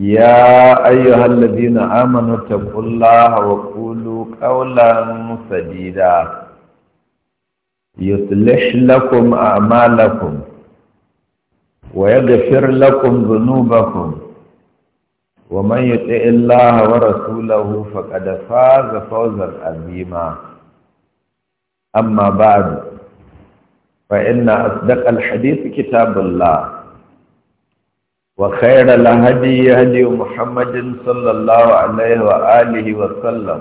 يا أيها الذين آمنوا اتقوا الله وقولوا قولا سديدا يصلح لكم أعمالكم ويغفر لكم ذنوبكم ومن يطع الله ورسوله فقد فاز فوزا عظيما أما بعد فإن أصدق الحديث كتاب الله وخير الهدي هدي محمد صلى الله عليه وآله وسلم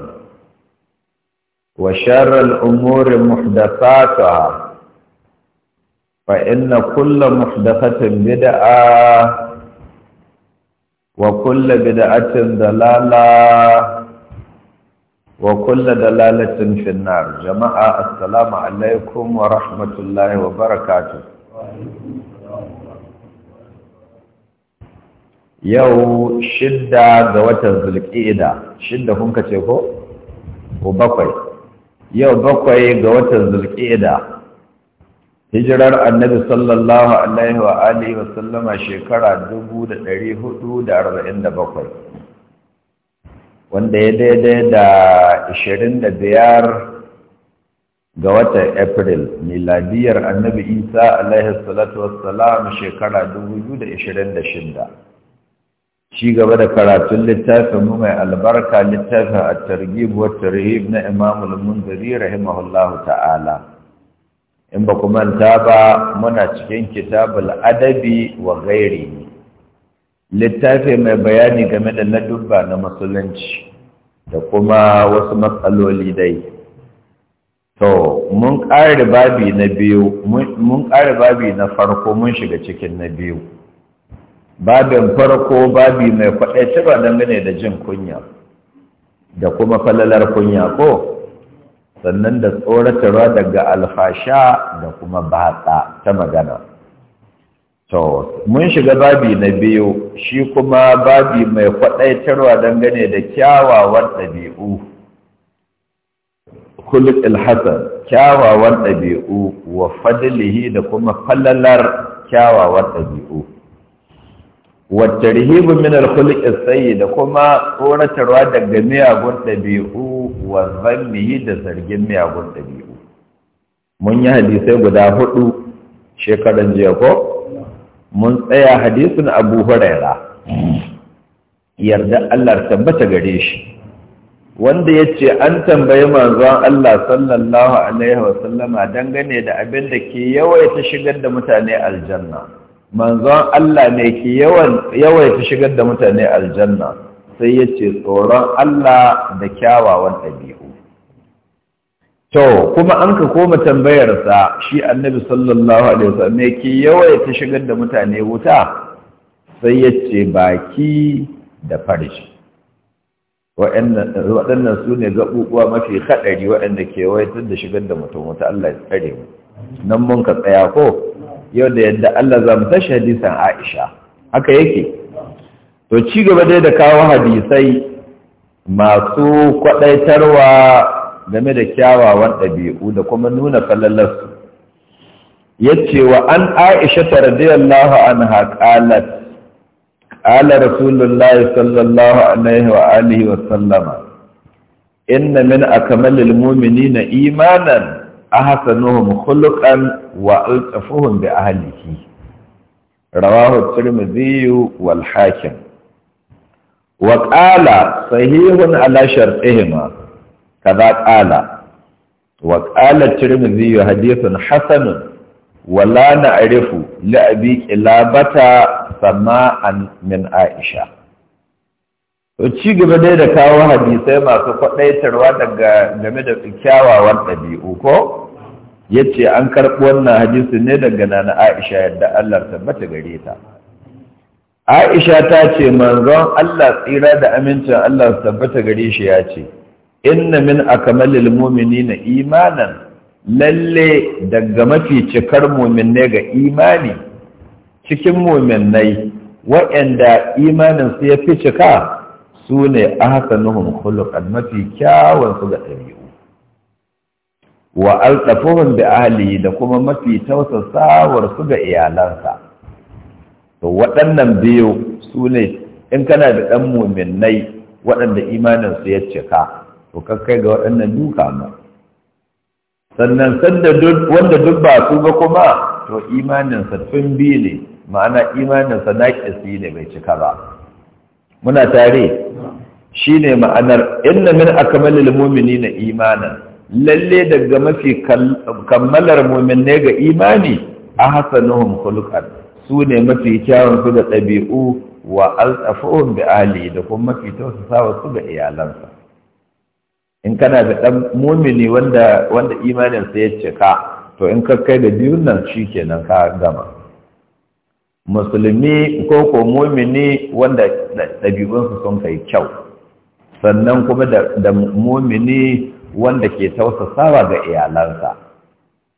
وشر الأمور محدثاتها فإن كل محدثة بدعة وكل بدعة ضلالة وكل ضلالة في النار جماعة السلام عليكم ورحمة الله وبركاته yau shidda ga watan zulƙida shidda kun ka ce ko? ko bakwai yau bakwai ga watan zulƙida hijirar annabi sallallahu alaihi wa alihi wa sallama shekara 1447 wanda ya daidai da 25 ga watan april miladiyar annabi isa alaihi salatu wassalam shekara 2026 ci gaba da karatun littafin mu mai albarka littafin a targhib wa na Imamul munzari rahimahullahu ta'ala in ba kuma manta ba muna cikin kitabul adabi wa ghairi littafi mai bayani game da ladubba na musulunci da kuma wasu matsaloli dai to mun kare babi na biyu mun babi na farko mun shiga cikin na biyu babin farko babi mai don dangane da jin kunya da kuma falalar kunya ko sannan da tsoratarwa daga alfasha da kuma batsa ta magana to mun shiga babi na biyu shi kuma babi mai kwaɗaitarwa dangane da kyawawan ɗabi'u Kulik ilhassan kyawawan ɗabi'u wa fadilihi da kuma falalar kyawawan ɗabi'u wata rihibu min alkulik sayi da kuma tsoratarwa daga miyagun ɗabi'u wa zannihi da zargin miyagun ɗabi'u mun yi hadisai guda hudu shekaran jiya ko mun tsaya hadisin abu huraira yarda allah tabbata gare shi wanda ya ce an tambayi manzon Allah sallallahu Alaihi wasallama dangane da abin da ke yawaita shigar da mutane aljanna manzon Allah ne ke ta shigar da mutane aljanna sai ya ce tsoron Allah da kyawawan ɗabi'u. To, kuma an ka koma tambayarsa shi annabi sallallahu Alaihi wasallam ne ke ta shigar da mutane wuta sai ya ce baki da farji. Waɗannan su ne gaɓuɓuwa mafi haɗari waɗanda ke waitar da shigar da mutum wuta Allah ya tsare mu. Nan mun ka tsaya ko? yau da yadda Allah za mu tashi hadisan Aisha haka yake to ci gaba dai da kawo hadisai masu kwadaitarwa game da kyawawan ɗabi'u da kuma nuna falalarsu yace wa an Aisha radiyallahu anha qalat qala rasulullahi sallallahu alaihi wa alihi wa sallama inna min akmalil mu'minina imanan ahsanuhum khuluqan wa altafuhum bi ahlihi rawahu tirmidhi wal hakim wa qala sahihun ala shartihima kaza qala wa qala tirmidhi hadithun hasanun wa la na'rifu li abi qilabata sama'an min aisha ci gaba dai da kawo hadisai masu kwaɗaitarwa daga game da kyawawan ɗabi'u ko ya ce an karɓi wannan hadisu ne daga na aisha yadda allah tabbata gare ta aisha ta ce manzon allah tsira da amincin allah tabbata gare shi ya ce inna min akamalil na imanan lalle daga mafi cikar ne ga imani cikin mu'minai waɗanda imanin su ya fi cika su ne ahsanuhum khuluqan mafi kyawun su ga Ɗari'u, wa alƙafuhun bi ahali da kuma mafi tausasawar su ga iyalansa to waɗannan biyu su ne in kana da ɗan muminai waɗanda imaninsu ya cika to kai ga waɗannan duka ma sannan sanda wanda duk ba su ba kuma to imaninsa tun biyu ne ma'ana imaninsa ƙasi ne bai cika ba muna tare shi ne ma'anar inna min akamalil mumini na imanin, lalle daga mafi kammalar muminai ga imani a hasanuhum Kulukar, su ne mafi kyawun su da ɗabi'u wa alsafuhum da ahli da kuma mafi tausasawa su ga iyalansa in kana da ɗan mumini wanda imaninsa ya cika to in ka kai da biyun nan shi kenan ka gama musulmi ko ko mumini wanda ɗabi'unsu sun kai kyau sannan kuma da mumini wanda ke tausasawa ga iyalansa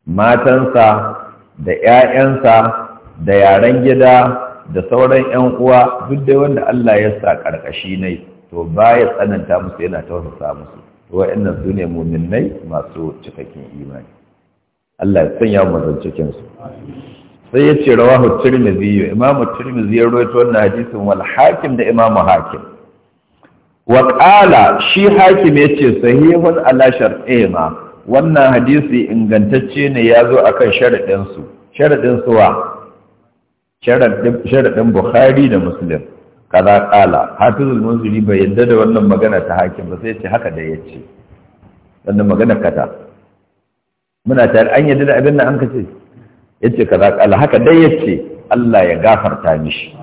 matansa da 'ya'yansa da yaren gida da sauran 'yan uwa duk da wanda Allah ya sa ƙarƙashi ne to baya tsananta musu yana tausasa musu wa'annan su ne muminai masu cikakken imani Allah ya sanya mu cikin su sai ya ce rawa na biyu. imam tirmidhi ya rawaito wannan hadisin wal hakim da imam hakim wa shi hakim ya ce sahihun ala shar'ina wannan hadisi ingantacce ne ya akan a kan sharadin su wa sharaɗin bukhari da muslim kaza ƙala. hafizul munziri bai yadda da wannan magana ta hakim ba sai ya ce haka da ya ce. wannan magana kata muna tare an yadda da abin da an kace yace kaza kala haka dai yace Allah ya gafarta mishi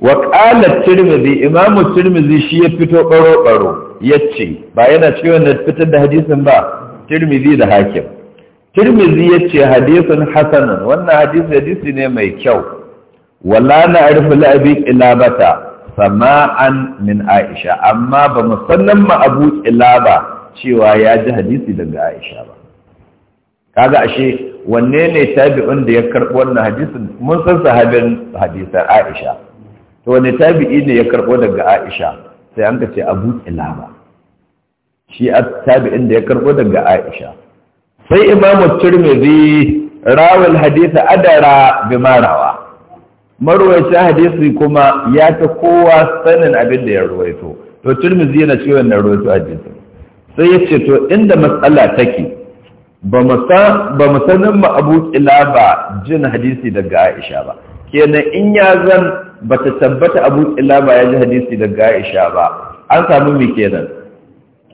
wa qala tirmidhi imamu tirmidhi shi ya fito baro baro yace ba yana cewa na fitar da hadisin ba tirmidhi da hakim tirmidhi yace hadisin hasanun wannan hadisi hadisi ne mai kyau wala na arifu la'abi ilabata sama'an min aisha amma ba musannan ma abu ilaba cewa ya ji hadisi daga aisha ba kaga ashe wanne ne tabi'un da ya karɓo wannan hadisin mun san sahabin hadisan Aisha to wanne tabi'i ne ya karɓo daga Aisha sai an ka ce Abu Ilaba shi tabi'in da ya karɓo daga Aisha sai Imam Tirmidhi rawal hadisa adara bi marawa marwayacin hadisi kuma ya ta kowa sanin abin da ya rawaito. to Tirmidhi yana cewa na rawaito hadisi sai ya ce to inda matsala take ba mu sanin ma abu ba jin hadisi daga aisha ba kenan in ya zan ba ta tabbata abu ba ya ji hadisi daga aisha ba an samu mai kenan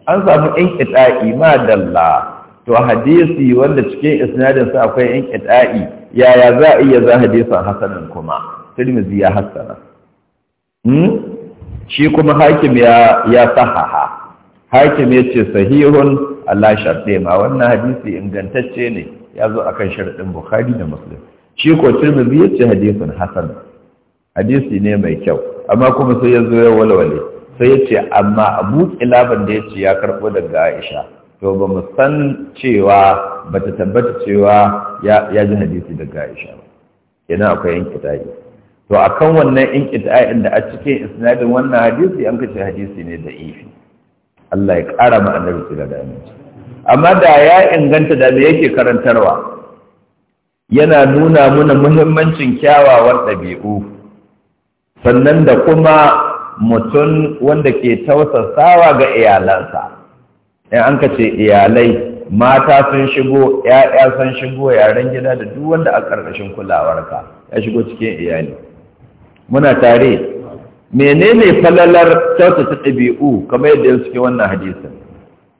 an samu in kita'i ma dalla to hadisi wanda cikin isnadin sa akwai in kita'i yaya za a iya za hadisan hasanan kuma tirmizi ya hasana hmm? shi kuma hakim ya ya sahaha hakim ya ce sahihun Allah sharɗe ma wannan hadisi ingantacce ne ya zo akan sharɗin Bukhari da Muslim shi ko Tirmidhi ya ce hadisin hasan hadisi ne mai kyau amma kuma sai ya zo ya walwale sai ya ce amma Abu Qilaban da ya ce ya karɓo daga Aisha to ba mu san cewa ba ta tabbata cewa ya ji hadisi daga Aisha ba kenan akwai inkita'i to akan wannan inkita'in da a cikin isnadin wannan hadisi an kace hadisi ne da ifi Allah ya ƙara ma annabi da aminci amma da ya inganta da me yake karantarwa yana nuna muna muhimmancin kyawawan ɗabi'u sannan da kuma mutum wanda ke tausasawa ga iyalansa in an ka ce iyalai mata sun shigo ‘ya'ya sun shigo yaren gida da duk wanda a ƙarƙashin kulawarka ya shigo cikin iyali muna tare menene falalar kyautata ɗabi'u kamar yadda suke wannan hadisin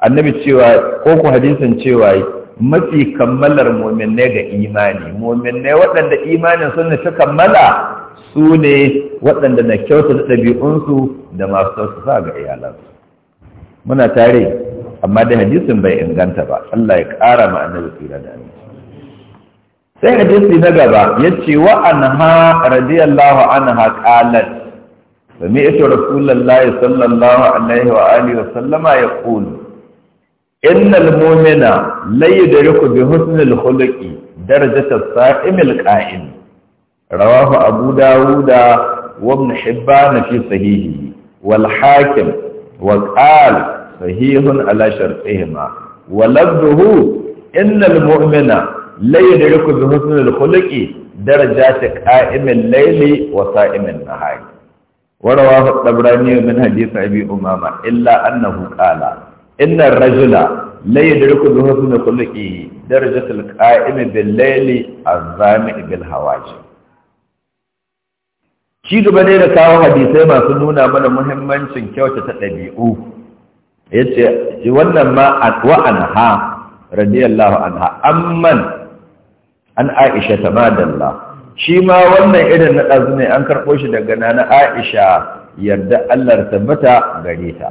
annabi cewa ko ku hadisin cewa mafi kammalar muminai ga imani muminai waɗanda imanin sun ta kammala su ne waɗanda na kyautata ɗabi'unsu da masu sa ga iyalansu muna tare amma da hadisin bai inganta ba Allah ya ƙara ma annabi tsira da ni sai hadisi na gaba yace wa anha radiyallahu anha ƙalat سمعت رسول الله صلى الله عليه وآله وسلم يقول إن المؤمن لا يدرك بحسن الخلق درجة الصائم القائم رواه أبو داود وابن حبان في صحيحه والحاكم وقال صحيح على شرطهما ولفظه إن المؤمن لا يدرك بحسن الخلق درجات قائم الليل وصائم النهار ورواه الطبراني من حديث أبي أمامة إلا أنه قال إن الرجل لا يدرك بحسن خلقه درجة القائم بالليل الظامئ بالهواجر shi gaba ne da kawo hadisai masu nuna mana muhimmancin ta ɗabi'u ya ce wannan ma wa ha, radiyallahu anha amman an aisha ta madalla shi ma wannan irin na ɗazu ne an karɓo shi daga na aisha yadda allah tabbata gare ta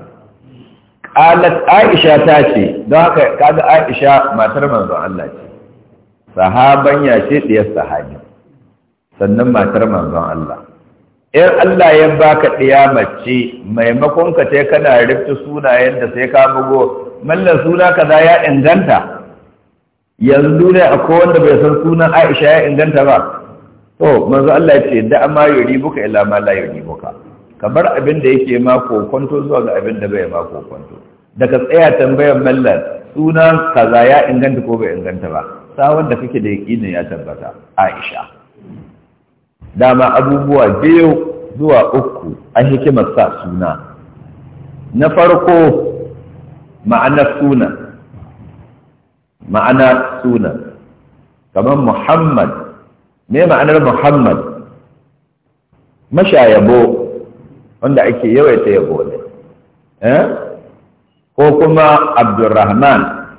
ƙalat aisha ta ce don haka kaga aisha matar manzon allah ce sahaban ya ce diyar sahabi sannan matar manzon allah in allah ya baka ɗiya mace maimakon ka ce kana rubuta sunayen da sai ka bugo mallan suna kaza ya inganta yanzu ne akwai wanda bai san sunan aisha ya inganta ba to manzo Allah ya ce da amma buka illa ma la buka kamar abin da yake ma kokonto zuwa ga abin da bai ma kokonto daga tsaya tambayar mallan suna kaza ya inganta ko bai inganta ba sawon da kake da ne ya tabbata Aisha dama abubuwa biyu zuwa uku a hikimar sa suna na farko ma'anar suna ma'ana suna kamar Muhammad me ma'anar muhammad mashayabo wanda ake yawaita yabo ne eh ko kuma abdurrahman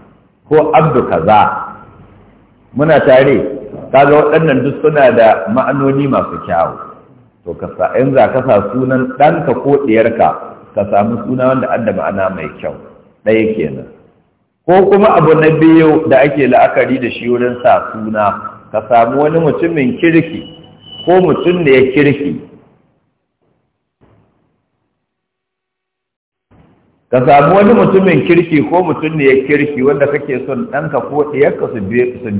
ko abdu kaza muna tare kaga waɗannan duk suna da ma'anoni masu kyau? to ka sa in za ka sa sunan ɗanka ko ɗiyarka ka samu suna wanda an ma'ana mai kyau ɗaya kenan ko kuma abu na biyu da ake la'akari da shi wurin sa suna ka samu wani mutumin kirki ko mutum da ya kirki ka samu wani mutumin kirki ko mutum da ya kirki wanda kake son ɗanka ko ɗiyarka su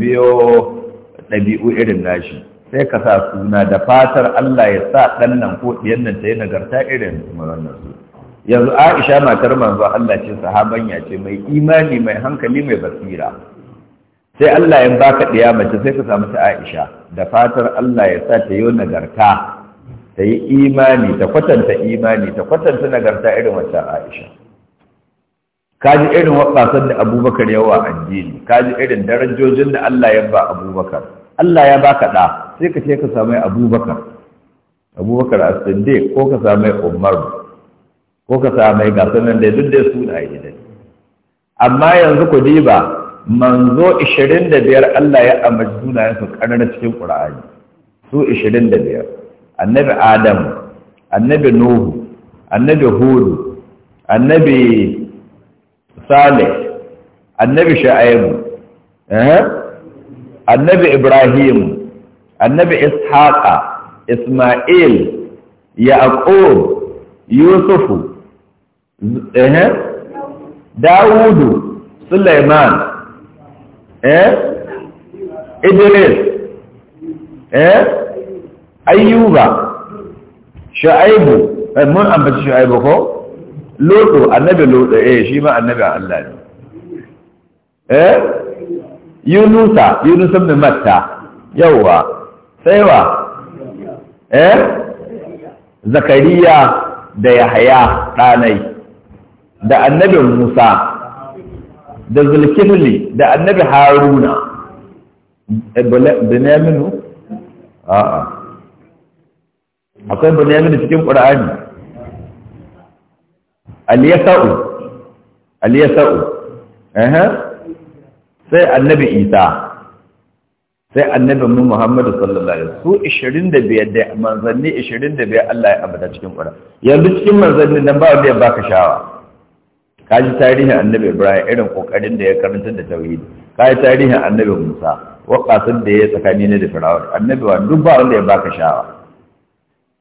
biyo ɗabi'u irin nashi sai ka sa suna da fatar Allah ya sa ɗan nan ko ɗiyan nan ta yi nagarta irin wannan yanzu aisha matar manzo Allah ce sahabanya ce mai imani mai hankali mai basira sai Allah ya baka ɗiya mace sai ka samu ta Aisha da fatar Allah ya sa ta yi nagarta ta yi imani ta kwatanta imani ta kwatanta nagarta irin wancan Aisha Ka ji irin wabasan da Abubakar yawa addini ji irin darajojin da Allah ya ba Abubakar Allah ya baka da sai ka ce ka samu Abubakar Abubakar a siddiq ko ka samu Umar ko ka samu gasar nan da duk da sunaye dai amma yanzu ku diba manzo 25 Allah ya ambaci sunayensu ƙarar cikin ƙur'ani su 25 annabi adam annabi nuhu annabi hudu annabi salih annabi sha'aibu eh, annabi ibrahim annabi ishaqa isma'il yaqub yusufu eh, dawudu suleiman eh idris eh ayyuba shu'aibu eh, mun ambaci shu'aibu ko lodo annabi lodo eh shi ma annabi Allah ne eh yunusa yunusa bin matta yawa saiwa eh zakariya da yahaya ɗanai da annabin musa da zulkifli da annabi haruna eh, benyaminu a'a akwai benyaminu cikin ƙura'ani aliyasa'u aliyasa'u sai annabi isa sai annabi mu Muhammadu sallallahu alaihi su 25 da manzanni 25 Allah ya abada cikin Qur'an yanzu cikin manzanni nan ba wanda ya baka shawa ka ji tarihin annabi ibrahim irin kokarin da ya karanta da tauhidi ka ji tarihin annabi musa wakasin da ya tsakani ne da firawun annabi wa duk ba wanda ya baka shawa.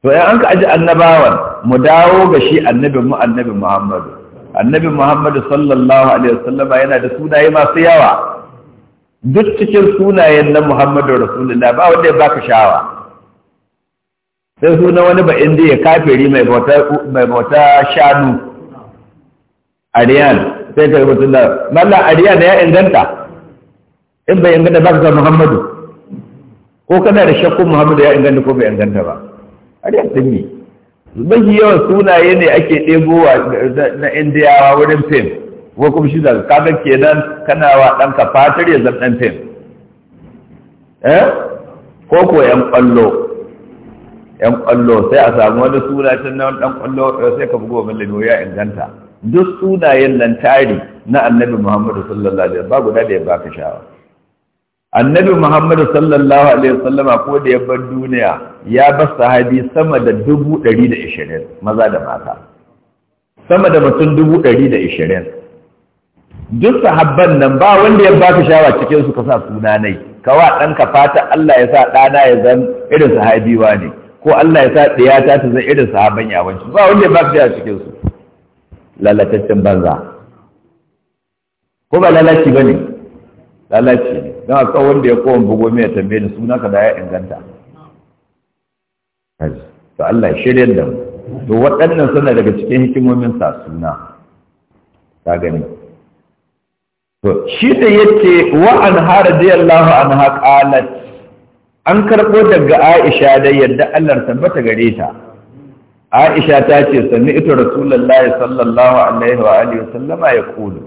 to ya an ka aji annabawan mu dawo ga shi annabin mu annabi muhammadu annabi muhammadu sallallahu alaihi wasallama yana da sunaye masu yawa duk cikin sunayen na muhammadu rasulullah ba wanda ya baka shawa sai sunan wani ba ya kafiri mai bauta shanu a riyal sai ka rubuta da malla a riyal ya inganta in bai inganta ba ka muhammadu ko kana da shakkun muhammadu ya inganta ko bai inganta ba a riyal din ne mafi yawan sunaye ne ake ɗebowa na indiyawa wurin fim ko kuma shi da kaga kenan kana wa ɗanka fatar ya zama ɗan fim eh ko ko yan ƙwallo ‘yan ƙwallo sai a samu wani suna can na ɗan ƙwallo sai ka bugo mallami ya inganta duk sunayen nan tari na annabi Muhammadu sallallahu alaihi wasallam guda da ya baka shawa. annabi Muhammadu sallallahu alaihi wasallam ko da ya bar duniya ya bar sahabi sama da 120 maza da mata sama da mutum 120 duk sahabban nan ba wanda ya baka shawa cikin su ka sa suna nai kawa ka fata Allah ya sa ɗana ya zan irin sahabiwa ne ko Allah ya sa diyata ta zan irin sahaban yawanci ba wanda ya baka shawa cikin su lalataccen banza ko ba lalaci ba ne lalaci ne don a tsawon da ya kowane bugo mai tambe ni suna ka da ya inganta to Allah ya shirya da mu to waɗannan suna daga cikin hikimomin sa suna ta gani to shi da yake wa an hara da Allah an haƙalat an karɓo daga Aisha da yadda Allah ta gare ta Aisha ta ce sami ita Rasulullahi sallallahu alaihi wa alihi sallama ya kulu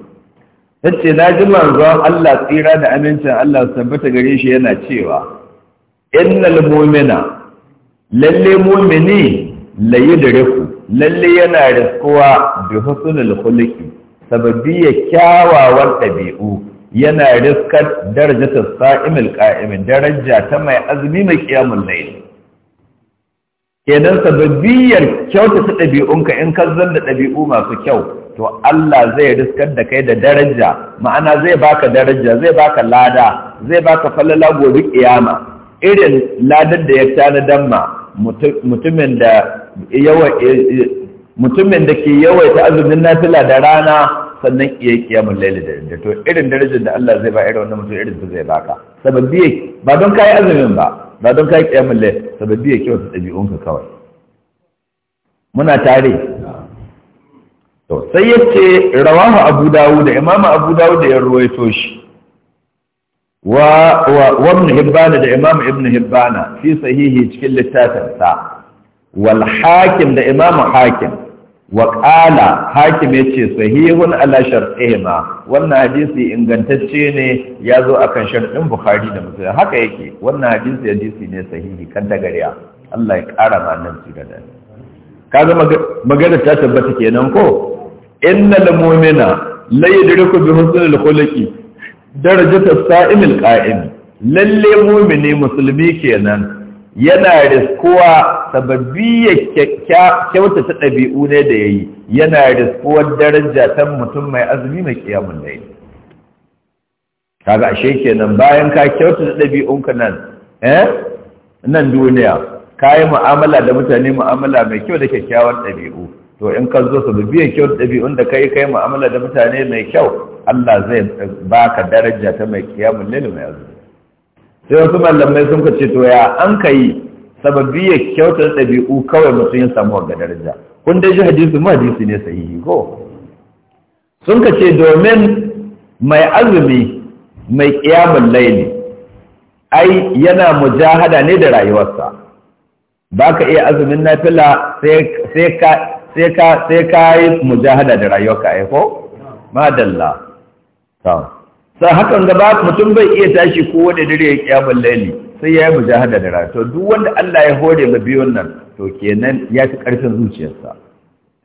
tace na ji manzon Allah tsira da amincin Allah tabbata gare shi yana cewa innal mu'mina lalle mu'mini da riku, lalle yana riskuwa bi husnul khuluqi sababiyya kyawawan ɗabi'u yana riskar darajatus sa'imil qa'imin daraja ta mai azumi mai qiyamul laili kenan sababbiyar kyauta su ɗabi'unka in ka da ɗabi'u masu kyau to Allah zai riskar da kai da daraja ma'ana zai baka daraja zai baka lada zai baka falala gobe kiyama irin ladar da ya tana damma mutumin da yawa eh, eh, mutumin da ke yawaita azumin nafila da rana sannan iya kiyamun laili da to irin darajar da Allah zai ba irin wannan mutum irin su zai baka sababbiyar ba don kayi azumin ba ba don kai kiyamun lai sababbi ya kyauta ɗabi'unka kawai muna tare to sai yace rawahu abu dawud imam abu dawud ya ruwaito shi wa wa ibn hibban da imam ibn hibban fi sahihi cikin littafin sa wal hakim da imam hakim Waƙala, ƙala hakim ya ce sahihun ala shar'ihima wannan hadisi ingantacce ne ya zo a kan shar'in bukhari da musulun haka yake wannan hadisi hadisi ne sahihi kan dagariya. allah ya ƙara ma nan su gada ka ga magana ta tabbata kenan ko inna da mumina lai da bi husnil khuluqi darajatu sa'imil qa'im lalle mumini musulmi kenan yana riskuwa sababbi ya kyautata ɗabi'u ne da ya yi yana riskuwa daraja ta mutum mai azumi mai kiyamun da ga ashe kenan bayan ka kyautata ɗabi'unka nan eh nan duniya ka yi mu'amala da mutane mu'amala mai kyau da kyakkyawan ɗabi'u to in ka zo sababbi ya kyauta ɗabi'un da ka yi ka yi mu'amala da mutane mai kyau Allah zai eh, baka daraja ta mai kiyamun ne mai azumi sai wasu malamai sun ka ce to ya an ka yi sababi ya kyautar ɗabi'u kawai mutum ya samu ga daraja kun dai shi hadisi mu hadisi ne sahihi ko sun ka ce domin mai azumi mai ƙiyamun laili ai yana mujahada ne da rayuwarsa ba ka iya azumin nafila sai ka yi mujahada da rayuwarka ai ko madalla sai hakan gaba mutum bai iya tashi ko dare ya kiyamul laili sai ya yi mujahada da rayuwa to duk wanda Allah ya hore ma biyun nan to kenan ya fi karfin zuciyarsa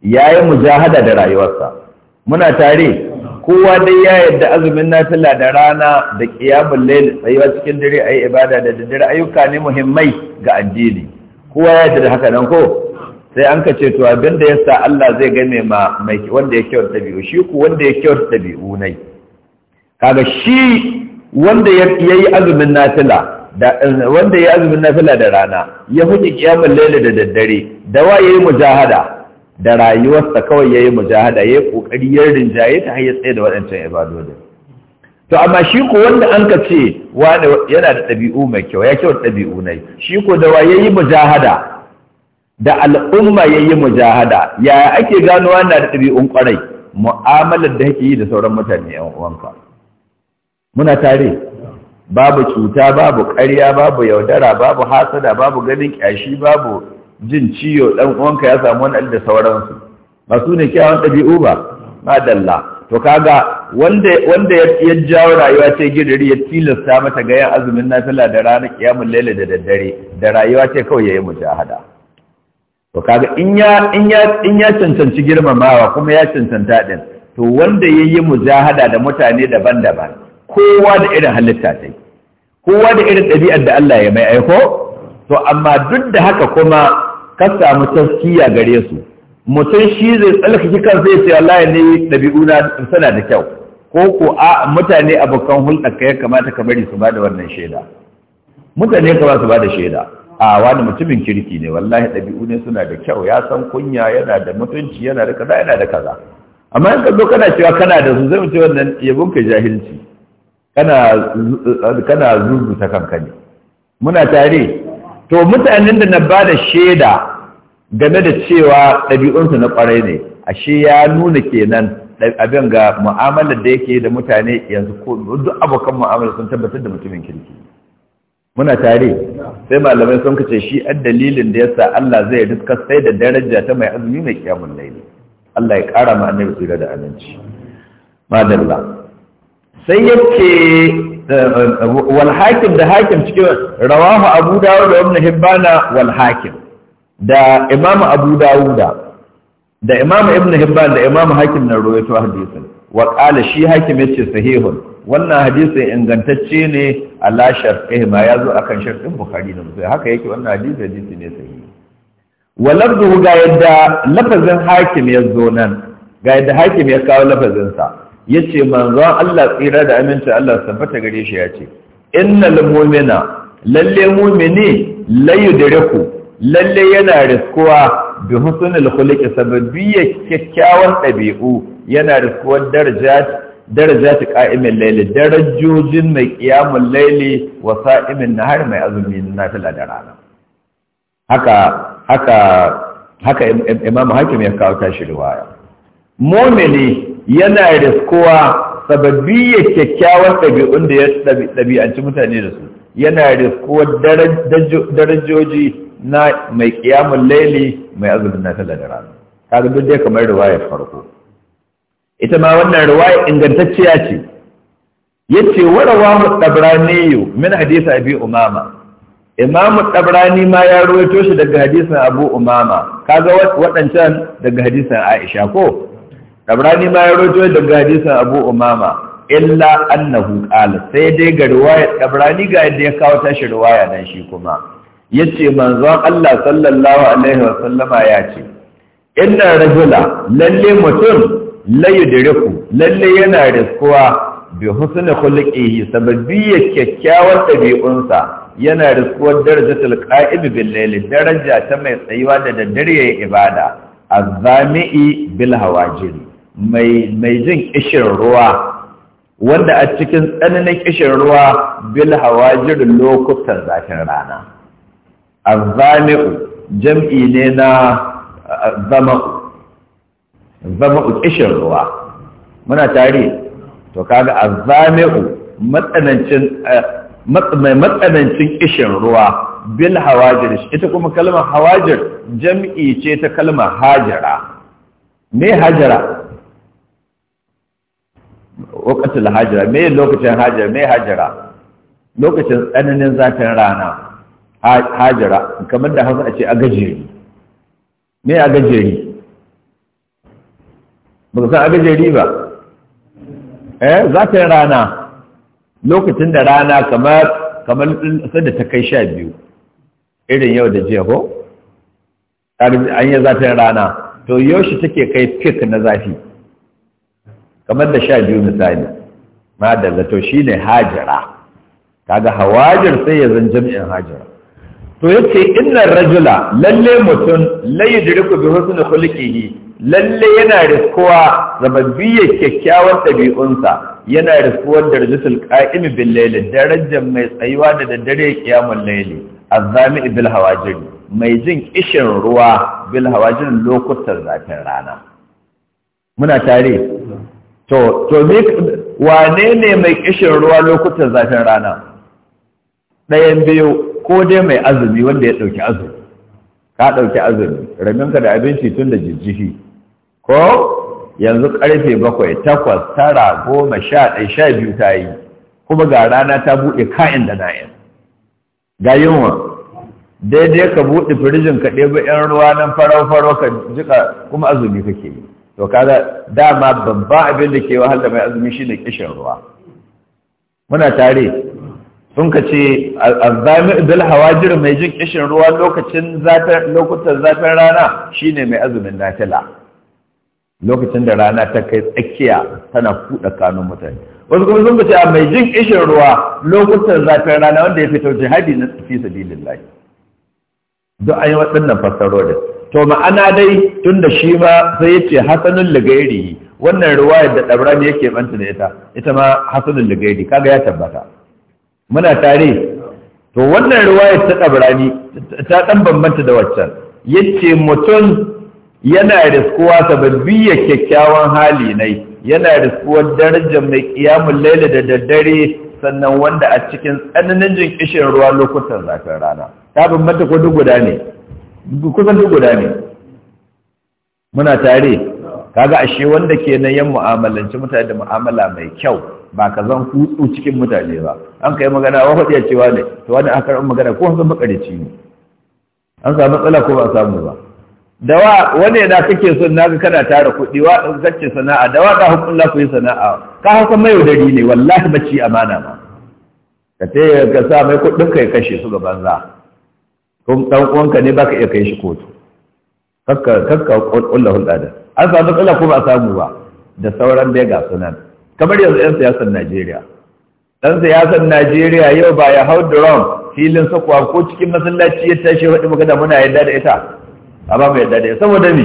ya yi mujahada da rayuwarsa muna tare kowa dai ya yadda azumin nafila da rana da qiyamul layl tsayuwa cikin dare ayi ibada da dare ayyuka ne muhimmai ga addini kowa ya yadda haka nan ko sai an ka ce to abinda yasa Allah zai gane ma mai wanda ya kyauta dabi'u shi ku wanda ya kyauta dabi'u nai kaga shi wanda ya yi azumin nafila wanda ya azumin nafila da rana ya huce kiyamul laila da daddare da wa yayi mujahada da rayuwarsa kawai yayi mujahada yayi kokari ya rinjaye ta har tsaye da waɗancan ibadodin to amma shi ko wanda an ka ce yana da ɗabi'u mai kyau ya kyau ɗabi'u ne shi ko da wa yayi mujahada da al'umma yayi mujahada ya ake ganowa na da ɗabi'un kwarai mu'amalar da yake yi da sauran mutane yan uwanka muna tare babu cuta babu ƙarya babu yaudara babu hasada babu ganin ƙyashi babu jin ciyo ɗan uwanka ya samu wani da sauransu ba su ne kyawun ɗabi'u ba dalla. to kaga wanda wanda ya jawo rayuwa ce gidiri ya tilasta mata ga yin azumin nafila da ranar kiyamun laila da daddare da rayuwa ce kawai yi mujahada to kaga in ya in in ya cancanci girmamawa kuma ya cancanta din to wanda ya yi mujahada da mutane daban-daban kowa da irin halitta ta kowa da irin ɗabi'ar da Allah ya mai aiko to amma duk da haka kuma ka samu taskiya gare su mutum shi zai tsallaka kan sai ce ya ne na sana da kyau ko ko a mutane abokan hulɗa ka ya kamata ka bari su ba da wannan shaida mutane ka su ba da shaida a wani mutumin kirki ne wallahi ɗabi'u ne suna da kyau ya san kunya yana da mutunci yana da kaza yana da kaza amma in ka zo kana cewa kana da su zai mutu wannan yabon ka jahilci kana zuzuta kanka ne muna tare to mutanen da na ba da shaida game da cewa ɗabi'unsu na ƙwarai ne ashe ya nuna kenan abin ga mu'amalar da yake da mutane yanzu ko duk abokan mu'amalar sun tabbatar da mutumin kirki muna tare sai malamai sun kace shi an dalilin da yasa Allah zai riska sai da daraja ta mai azumi mai kiyamun laili Allah ya kara ma annabi tsira da aminci madalla sai yake eh, wal da hakim cikin rawahu abu dawo da wani hibbana wal da imam abu dawo da imam ibn hibban da imam hakim na rawaito hadisin wa Waƙala shi hakim yace sahihun wannan hadisin ingantacce ne ala sharqi ma yazo akan sharqin bukhari na muslim haka yake wannan hadisi hadisi ne sahihi wa lafzuhu ga yadda lafazin hakim yazo nan ga yadda hakim ya kawo lafazin sa yace manzon Allah tsira da aminta Allah tabbata gare shi yace innal mu'mina lalle mu'mini da yudriku lalle yana riskuwa bi husnul khuluqi sababi kyakkyawan dabi'u yana riskuwar darajat darajat qa'imin layli darajojin mai qiyamul layli wa sa'imin nahar mai azumin nafila da rana haka haka haka imam hakim ya kawo tashi riwaya mu'mini yana riskowa sababbi ya kyakkyawar ɗabi'un da ya ɗabi'anci mutane da su yana riskowar darajoji na mai ƙiyamun laili mai azumin na tala da rana kaga duk dai kamar riwayar farko ita ma wannan riwaya ingantacciya ce Ya ce wa mu tabrani min hadisa abi umama imam tabrani ma ya ruwaito shi daga hadisan abu umama kaga waɗancan daga hadisin aisha ko tabrani ma ya rojo daga hadisin abu umama illa annahu qala sai dai ga riwaya tabrani ga yadda ya kawo tashi riwaya dan shi kuma yace manzon Allah sallallahu alaihi wa sallama ya ce inna rajula lalle mutum la lalle yana riskuwa bi husni khuluqihi sababiyya kyakkyawar ɗabi'unsa yana riskuwar darajatul qa'ib bil layl daraja ta mai tsayuwa da daddare ibada azami bil hawajiri mai jin kishin ruwa wanda a cikin tsananin kishin ruwa bil jirin lokutan zafin rana azami'u jam'i ne na zama'u zama'u kishin ruwa muna tare to kaga azami'u matsanancin mai matsanancin kishin ruwa bil hawajir ita kuma kalmar hawajir jam'i ce ta kalmar hajara me hajara wakatul hajira me lokacin hajira, me hajira. lokacin tsananin zafin rana hajira. kamar da hausa a ce a gajeri me a gajeri ba san a gajeri ba eh zafin rana lokacin da rana kamar kamar sanda ta kai sha biyu irin yau da jiya ko an yi zafin rana to yaushe take kai fik na zafi kamar da sha biyu misali da zato shi ne hajira kaga hawajir sai ya zan jami'in hajira to ya yace inna rajula lalle mutum la jiriku bi husni khuluqihi lalle yana riskuwa zababbiyar kyakkyawar ɗabi'unsa yana riskuwar darajatul ƙa'imi bin laili, darajar mai tsayuwa da daddare lele a azami bil hawajir mai jin kishin ruwa bil hawajir lokutan zafin rana muna tare to to me wane ne mai kishin ruwa lokutan zafin rana ɗayan biyu ko dai mai azumi wanda ya ɗauki azumi ka ɗauki azumi raminka da abinci tun da jijjihi ko yanzu ƙarfe bakwai takwas tara goma sha ɗaya sha biyu ta yi kuma ga rana ta buɗe ka'in da na'in ga yunwa daidai ka buɗe firijin ka ɗebe 'yan ruwa nan farau-farau ka jika kuma azumi kake yi to kada dama babba abin da ke wahala mai azumi ne kishin ruwa muna tare sun ka ce azami dal hawajir mai jin kishin ruwa lokacin zafin lokutan zafin rana shi ne mai azumin nafila lokacin da rana ta kai tsakiya tana kuɗa kanun mutane wasu kuma sun ka ce a mai jin kishin ruwa lokutan zafin rana wanda ya fito jihadi na fi sabilillahi duk an yi waɗannan da to ma'ana dai tun da shi ba sai yace hasanul ligairi wannan riwayar da dabrani yake banta da ita ita ma hasanul ligairi kaga ya tabbata muna tare to wannan riwayar ta dabrani ta dan bambanta da waccan yace mutum yana riskuwa sababbi ya kyakkyawan hali nai yana riskuwar darajar mai kiyamun laila da daddare sannan wanda a cikin tsananin jin kishin ruwa lokutan zafin rana ta bambanta ko duk guda ne kusan duk guda ne muna tare kaga ashe wanda ke nan yan mu'amalanci mutane da mu'amala mai kyau ba ka zan kutsu cikin mutane ba an kai magana wa faɗiya cewa ne to wani an karɓi magana ko hanzan ci ne an samu matsala ko ba samu ba da wa wani da kake son ga kana tara kuɗi wa zace sana'a da wa da hukun ku yi sana'a ka hauka mai yaudari ne wallahi bacci amana ma ka ce ka sa mai kuɗin kai kashe su gaban za. ɗan uwanka ne baka iya kai shi kotu kakka kakka kullu hulɗa da an samu matsala ko ba a samu ba da sauran dai ga sunan kamar yanzu yan siyasar Najeriya dan siyasar Najeriya yau ba ya hau drone filin sakwa ko cikin masallaci ya tashi faɗi magana muna yadda da ita a ba yadda da ita saboda me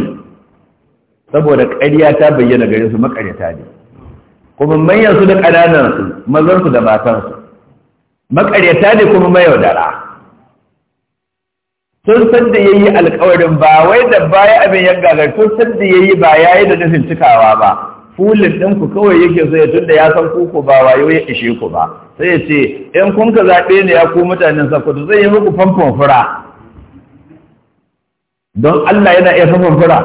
saboda ƙarya ta bayyana gare su makaryata ne kuma manyan su da ƙananan su mazan su da matan su makaryata ne kuma mayaudara tun san da yayi alƙawarin ba wai da baya abin ya gagar tun san da yayi ba yayi da nufin cikawa ba fulin ɗin ku kawai yake so ya tunda ya san kuku ba wayo ya ishe ku ba sai ya ce in kun ka zaɓe ne ya ku mutanen sakkwato zai yi muku famfon fura don Allah yana iya famfon fura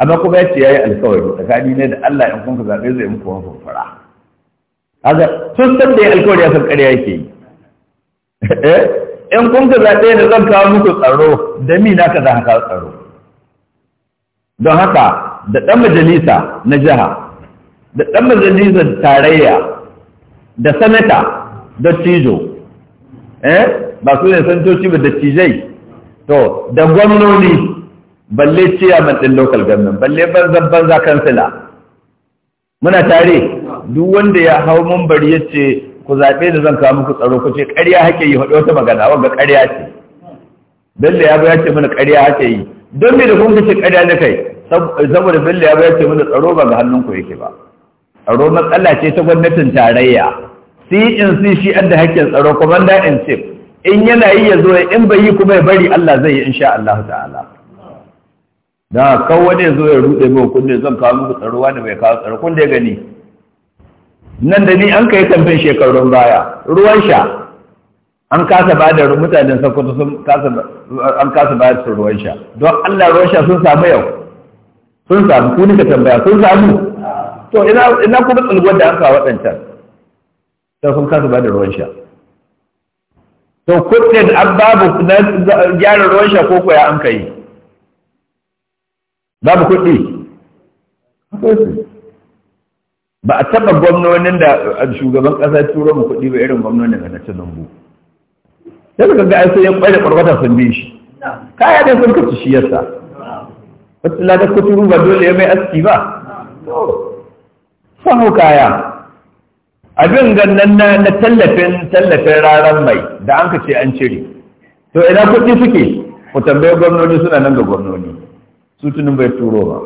amma kuma ya ce ya yi alƙawari tsakani ne da Allah in kun ka zaɓe zai muku famfon fura kaga tun san da ya ya san ƙarya yake yi Eh? in kun ka zaɓe na zan kawo muku tsaro da mi na ka za kawo tsaro don haka da ɗan majalisa na jiha da ɗan majalisa tarayya da sanata da cijo eh? ba su ne toci ba da cijai to da gwamnoni balle ciyaman ɗin local government balle banza banza kansila muna tare duk wanda ya hau mambari ya ce ku zaɓe da zan kawo muku tsaro ku ce ƙarya hake yi haɗe wata magana wanda ƙarya ce bello ya ya ce mana ƙarya hake yi don me da kun ce ƙarya da kai saboda bello ya ya ce mana tsaro ba ga hannunku yake ba tsaro matsala ce ta gwamnatin tarayya cnc shi an da hakkin tsaro commander in chief in yana yi ya zo in bai yi kuma ya bari allah zai yi insha allah ta'ala da kawai ne zo ya ruɗe mai kunne zan kawo muku tsaro wani bai kawo tsaro kun da gani nan da ni an kai kamfen shekarun baya ruwan sha an kasa ba da mutanen sakwato sun kasa an kasa ba da ruwan sha don Allah ruwan sha sun samu yau sun samu ku nika tambaya sun samu to ina ina kuma tsulgwar da an kawo wadancan sai sun kasa ba da ruwan sha to kudin ababu na gyara ruwan sha ko koya an kai babu kudi akwai su ba a taba gwamnonin da shugaban ƙasa turo mu kuɗi ba irin gwamnonin da na tinubu sai suka ga ai sai ya ɓare ƙwarƙwata sun bi shi kaya ne sun kaci shi yasa wata lada kuturu ba dole ya mai aski ba sun hau kaya abin gannan na na tallafin tallafin raran mai da an ka ce an cire to ina kuɗi suke ku tambayi gwamnoni suna nan ga gwamnoni su tunin bai turo ba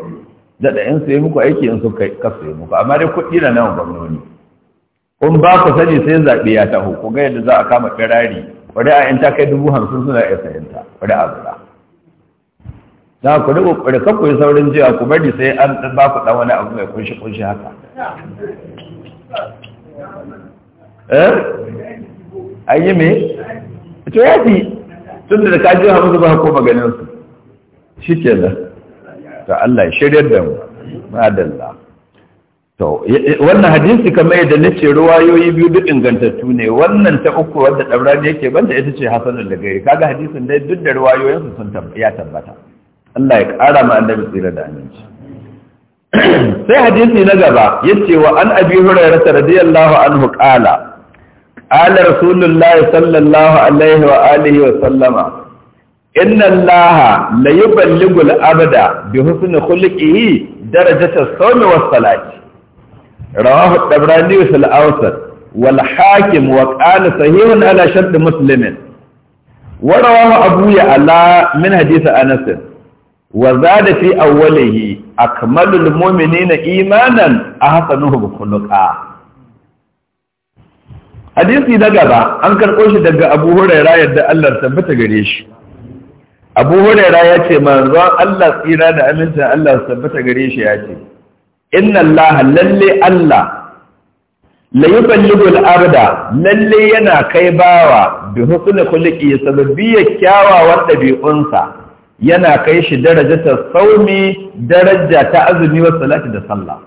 daɗa da in sai muku aiki in suka kasu muku amma dai kuɗi na nan gwamnoni kun ba ku sani sai zaɓe ya taho ku ga yadda za a kama firari a in ta kai dubu hamsin suna iya sayan ta a guda za ku riƙo kan ku yi saurin jiya ku bari sai an ba ku ɗan wani abu mai kunshi kunshi haka eh an yi me to ya fi tun da ka ji hamsin ba ko maganin su shi kenan ta Allah ya shiryar da mu madalla to wannan hadisi kamar yadda nace ruwayoyi biyu duk ingantattu ne wannan ta uku wadda dabrani yake banda ita ce hasanul da gari kaga hadisin dai duk da ruwayoyinsu sun ya tabbata Allah ya kara ma annabi tsira da aminci sai hadisi na gaba yace wa an abi hurairah radiyallahu anhu qala qala rasulullahi sallallahu alaihi wa alihi wa sallama inna allaha la yuballighul abda bi husni khuluqihi darajata sawmi was salati rawahu tabrani fil awsat wal hakim wa qala sahihun ala shart muslim wa rawahu abu ya'la min hadith anas wa zada fi awwalihi akmalul mu'minina imanan ahsanuhum khuluqa hadisi na gaba an karɓo shi daga abu huraira yadda Allah tabbata gare shi abu huraira ya ce manzon Allah tsira da amincin Allah su tabbata gare shi ya ce inna Allah lalle Allah la yuballighu al lalle yana kai bawa bi husnul khuluqi sababiyya kyawawan dabi'unsa yana kai shi darajatar saumi daraja ta azumi wa salati da sallah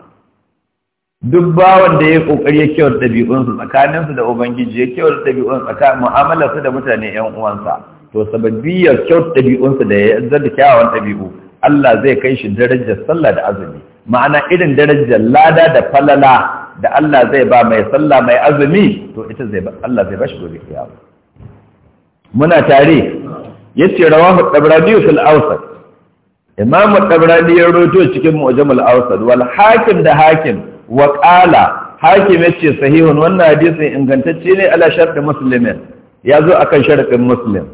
duk bawan da ya kokari ya kyawar dabi'unsa tsakaninsu da ubangiji ya kyawar dabi'unsa tsakanin mu'amalarsa da mutane yan uwansa to sababiyar kyau ɗabi'unsa da ya zar da kyawawan ɗabi'u Allah zai kai shi darajar sallah da azumi ma'ana irin darajar lada da falala da Allah zai ba mai sallah mai azumi to ita zai Allah zai bashi gobe kiyama muna tare yace rawahu tabrani fil awsat imam tabrani ya roto cikin mu'jamul awsat wal hakim da hakim wa qala hakim yace sahihun wannan hadisin ingantacce ne ala shartu muslimin yazo akan sharadin muslim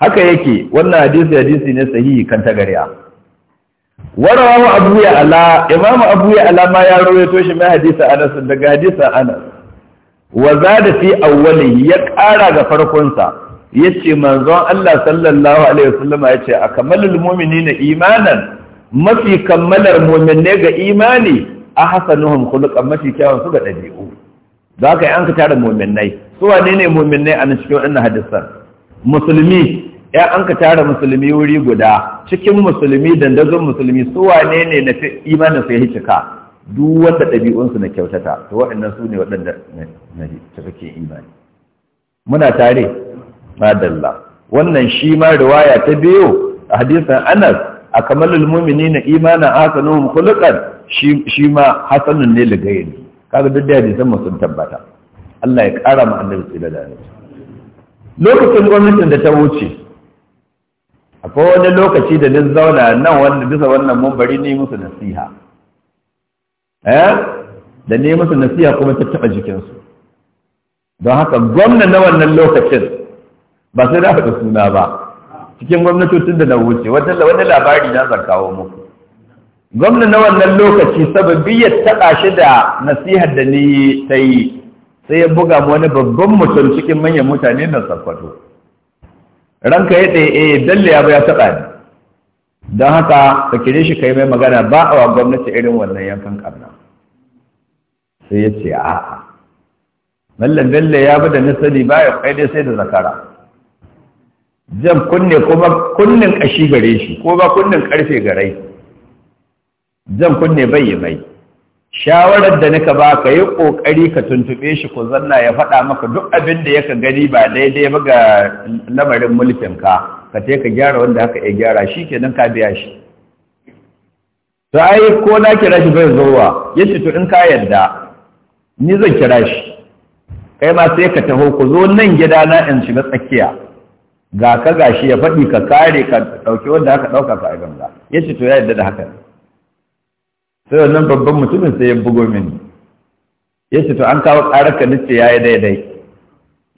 haka yake wannan hadisi hadisi ne sahihi kan gariya warawa abu ya ala imamu abu ya ala ma ya rawaito shi mai hadisi anas daga hadisi anas wa zada fi awwalihi ya kara ga farkonsa sa yace manzon Allah sallallahu alaihi wasallama yace akamalul mu'minina imanan mafi kammalar mu'minne ga imani ahsanuhum khuluqan mafi kyawun su ga dabi'u zaka yi an ka tare mu'minnai su wane ne mu'minnai a cikin wannan hadisan musulmi ya an ka tara musulmi wuri guda cikin musulmi dandazon musulmi su wane ne na fi imanin su ya cika duk wanda ɗabi'unsu na kyautata to waɗannan su ne waɗanda na cikakke imani muna tare madalla wannan shi ma riwaya ta biyo, a hadisan anas a kamalul mumini na imanin hasanuhum khuluqan shi ma hasanun ne ligayini kaga duk da hadisan mu sun tabbata Allah ya kara mu annabi sallallahu da lokacin gwamnatin da ta wuce akwai wani lokaci da nin zauna nan wanda bisa wannan mumbari ne musu nasiha eh da ne musu nasiha kuma ta taba jikinsu don haka gwamna na wannan lokacin ba sai na haka suna ba cikin gwamnatocin da na wuce wani labari na zan kawo muku gwamna na wannan lokaci sababi ya taɓa shi da nasihar da ni ta yi sai ya buga wani babban mutum cikin manyan mutane na sakwato ranka ya ɗaya eh dalle ya ba ya taɓa ni don haka ka kire shi kai mai magana ba a wa gwamnati irin wannan yankan karna sai ya ce a'a mallan dalle ya bi da nasari ba ya kai dai sai da zakara jan kunne kuma kunnen ƙashi gare shi ko ba kunnen ƙarfe gare jan kunne bai yi mai shawarar da nika ba ka yi ƙoƙari ka tuntuɓe shi ku zanna ya faɗa maka duk abin da ka gani ba daidai ba ga lamarin mulkinka ka te ka gyara wanda haka ya gyara shi ke nan ka biya shi to ai ko na kira shi bai zowa ya ce to in ka yarda ni zan kira shi kai ma sai ka taho ku zo nan gida na in shiga tsakiya ga ka gashi ya faɗi ka kare ka ɗauki wanda haka ɗauka ka a ganga ya ce to ya yarda da haka sai wannan babban mutumin sai ya bugo mini ya ce to an kawo ƙararka nace ya yi daidai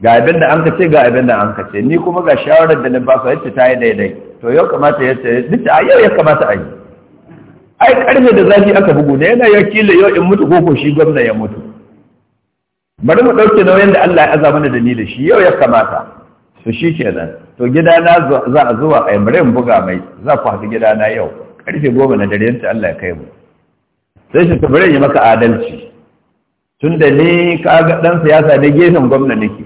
ga abin da an ka ce ga abin da an ka ce ni kuma ga shawarar da na ba su yace ta yi daidai to yau kamata ya ce nace a yau ya kamata a yi ai ƙarfe da zafi aka bugu da yana ya kila yau in mutu koko shi gwamna ya mutu bari mu ɗauke nauyin da Allah ya aza mana dalilin shi yau ya kamata su shi kenan to gidana za a zuwa a yi buga mai za ku haɗu gidana yau ƙarfe goma na dare yanta Allah ya kai mu sai shi tabbare yi maka adalci tun da ka ga dan siyasa ne gefen gwamna nake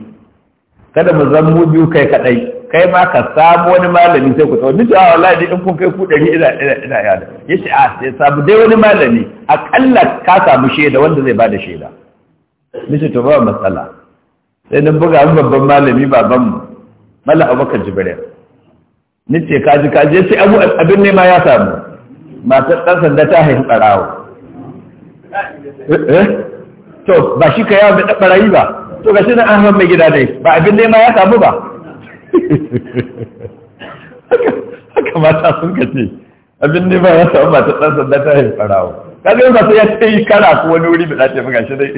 kada mu zan mu biyu kai kadai kai ma ka samu wani malami sai ku tsawo ni ta ah, wallahi in kun kai ku dari ina ina ina ya da ce a ah, sai samu dai wani malami akalla ka samu shaida wanda zai bada shaida ni to ba matsala sai nan buga babban malami baban mu mala abubakar jibril ni ce kaji kaji sai abu abin ne ma ya samu matar dan sanda ta haifi barawo Eh? to ba shi ka yawa da barayi ba to ga shi na an mai gida dai ba abin nema ya samu ba haka mata sun kace abin nema ya samu ba ta ɗan sanda ta yin farawo kaga zai ba sai ya ce yi kara ko wani wuri bada ce muka shi dai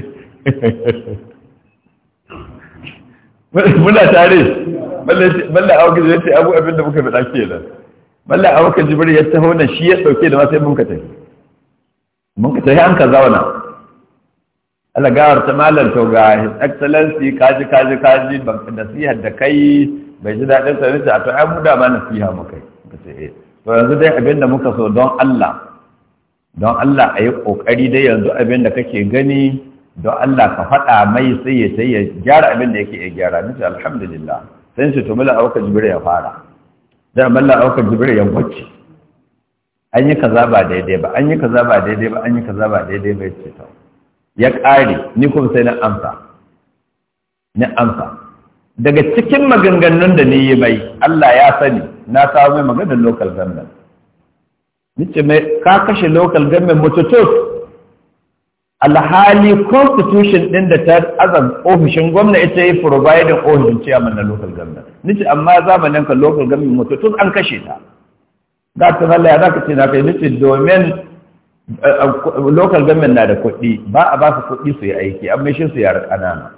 muna tare malla a wakil ya ce abu abin da muka bada ke nan malla a wakil bari ya taho nan shi ya ɗauke da masu yin muka tafi mun ka tafi an ka zauna Allah gawar ta malar to ga his excellency kaji kaji kaji ban ka nasiha da kai bai ji daɗin sa nace a to ai mu da ma nasiha mu kai ka ce eh to yanzu dai abinda muka so don Allah don Allah a yi ƙoƙari dai yanzu abinda kake gani don Allah ka faɗa mai sai ya sai ya gyara abin da yake ya gyara nace alhamdulillah sai shi to mala auka jibril ya fara da mala auka jibril ya wuce. an yi kaza ba daidai ba an yi kaza ba daidai ba an yi kaza ba daidai ba yace to ya kare ni kun sai na amsa na amsa daga cikin maganganun da ni yi mai Allah ya sani na kawo mai maganar local government nice mai ka kashe local government mututus alhali constitution din da ta azan ofishin gwamna ita yi providing ofishin chairman na local government nice amma zamanin ka local government mutu tun an kashe ta za ta sallah za ka ce na kai yi domin eh, eh, local government na da kuɗi ba a ba su kuɗi su yi aiki an mai shi su yara ƙanana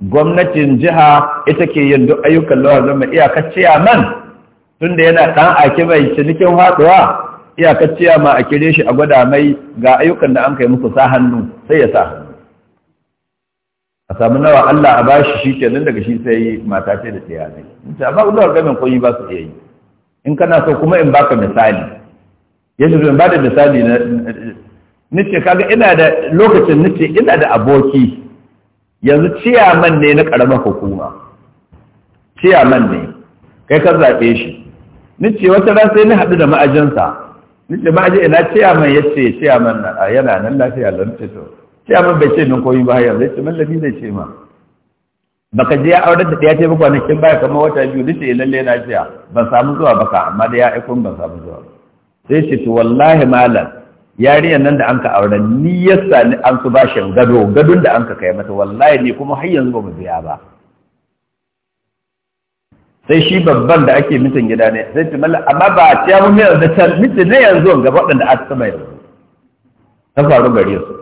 gwamnatin jiha ita ke yin duk ayyukan local government iyakar ciyaman tun da yana ɗan ake mai cinikin haɗuwa iyakar ciyama a kire shi a gwada mai ga ayyukan da an kai musu sa hannu sai ya sa hannu a samu nawa Allah a bashi shi kenan daga shi sai mata ce da tsiyanai. Mutu a ba ku gamin kun yi ba su iya yi. in kana so kuma in baka misali ya ce in bada misali na nace kaga ina da lokacin nace ina da aboki yanzu ciyaman ne na karamar hukuma ciyaman ne kai ka zaɓe shi nace wata ran sai na hadu da ma'ajinsa nace ma'aji ina ciyaman yace ciyaman yana nan lafiya lantarki ciyaman bai ce min koyi ba yanzu ya ce mallami zai ce ma baka je ya aure da ɗaya ce ba kin baya kamar wata biyu duk ce lalle na jiya ban samu zuwa ba ka amma da ya aikun ban samu zuwa ba sai ce to wallahi malam yarinyar nan da an ka aure ni yasa ni an su bashin gado gadon da an ka kai mata wallahi ni kuma har yanzu ba mu biya ba sai shi babban da ake mutun gida ne sai ce mallam amma ba a ciya mu mai da can mitin ne yanzu ga waɗanda a sama yanzu ta faru gare su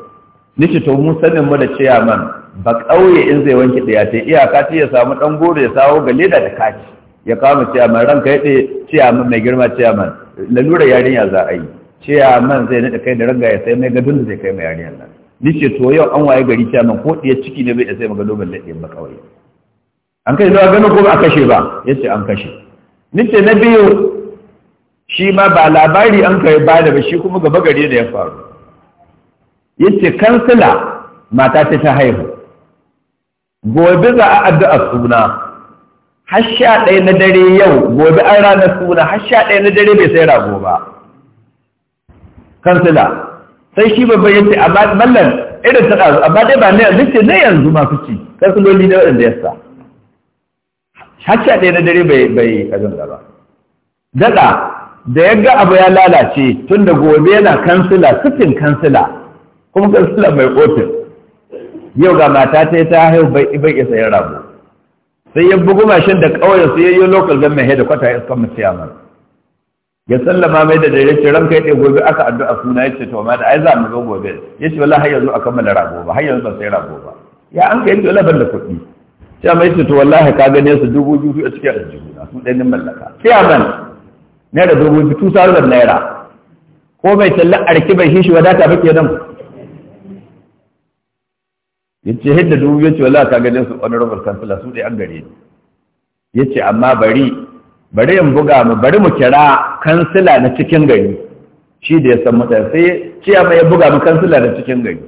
ni ce to mu sanin mu da man ba ƙauye in zai wanke ɗaya ce iyaka ce ya samu ɗan goro ya sawo ga leda da kaci ya kama ciyaman ranka ya ɗe ciyaman mai girma ciyaman lalura yarinya za a yi ciyaman zai naɗa kai da ranga ya sai mai gadon da zai kai mai yarinyar nan ni ce to yau an waye gari ciyaman ko ɗaya ciki ne bai sai magado ban laɗe ba ƙauye an kai zuwa gani ko ba a kashe ba ya ce an kashe ni ce na biyu shi ma ba labari an kai ba da ba shi kuma gaba gari da ya faru ya ce kansila mata ta haihu gobe za a addu'a suna har sha ɗaya na dare yau gobe an ranar suna har sha ɗaya na dare bai sai rago ba kansila sai shi babban yace a mallan irin ta ɗazu amma dai ba ne yanzu ce ne yanzu masu ci kansiloli na waɗanda ya sa har sha ɗaya na dare bai kazan ba daɗa da ya ga abu ya lalace tun da gobe yana kansila sufin kansila kuma kansila mai ofis yau ga mata ta ta haihu bai isa yin rago sai ya bugu mashin da ƙauyen su yi local government head kwata ya kan musiyama ya sallama mai da dare ce ranka ɗaya gobe aka addu'a suna yace to ma da ai za mu zo gobe yace wallahi har yanzu a kammala rago ba har yanzu ba sai rago ba ya an kai dole ban da kuɗi sai mai ce to wallahi ka gane su dubu biyu a cikin aljihuna Su ɗanin mallaka sai a man naira dubu biyu tusa naira ko mai talla arki bai shi shi wadata ba kenan yace yadda dubu yace wallahi ka ganin su honorable councilor su dai an gare ni yace amma bari bari in buga mu bari mu kira kansila na cikin gari shi da ya san mutane sai amma ya buga mu kansila na cikin gari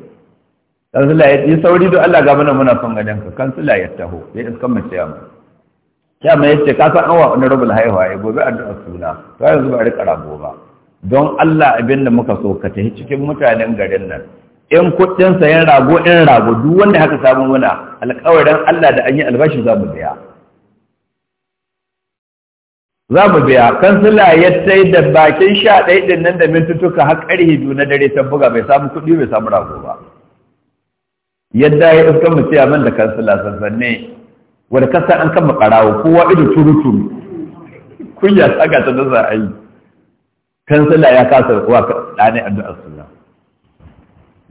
kansila ya yi sauri don Allah ga mana muna son ganin ka kansila ya taho ya iskan mu ce amma ciya mai yace ka san awa honorable haihuwa ya gobe addu'a suna to yanzu ba rika rabo ba don Allah abin da muka so ka tafi cikin mutanen garin nan in kudin sayan rago in rago duk wanda haka samu muna alƙawarin Allah da an yi albashin za mu biya za mu biya kansila ya sai da bakin sha ɗaya ɗin nan da mintutuka har ƙarhi biyu na dare ta buga bai samu kuɗi bai samu rago ba yadda ya iska mu ciya man da kansila sassanne wadda kasa an kama ƙarawo kowa ido turu-turu kunya tsaga ta da za kansila ya kasa wa ɗane su.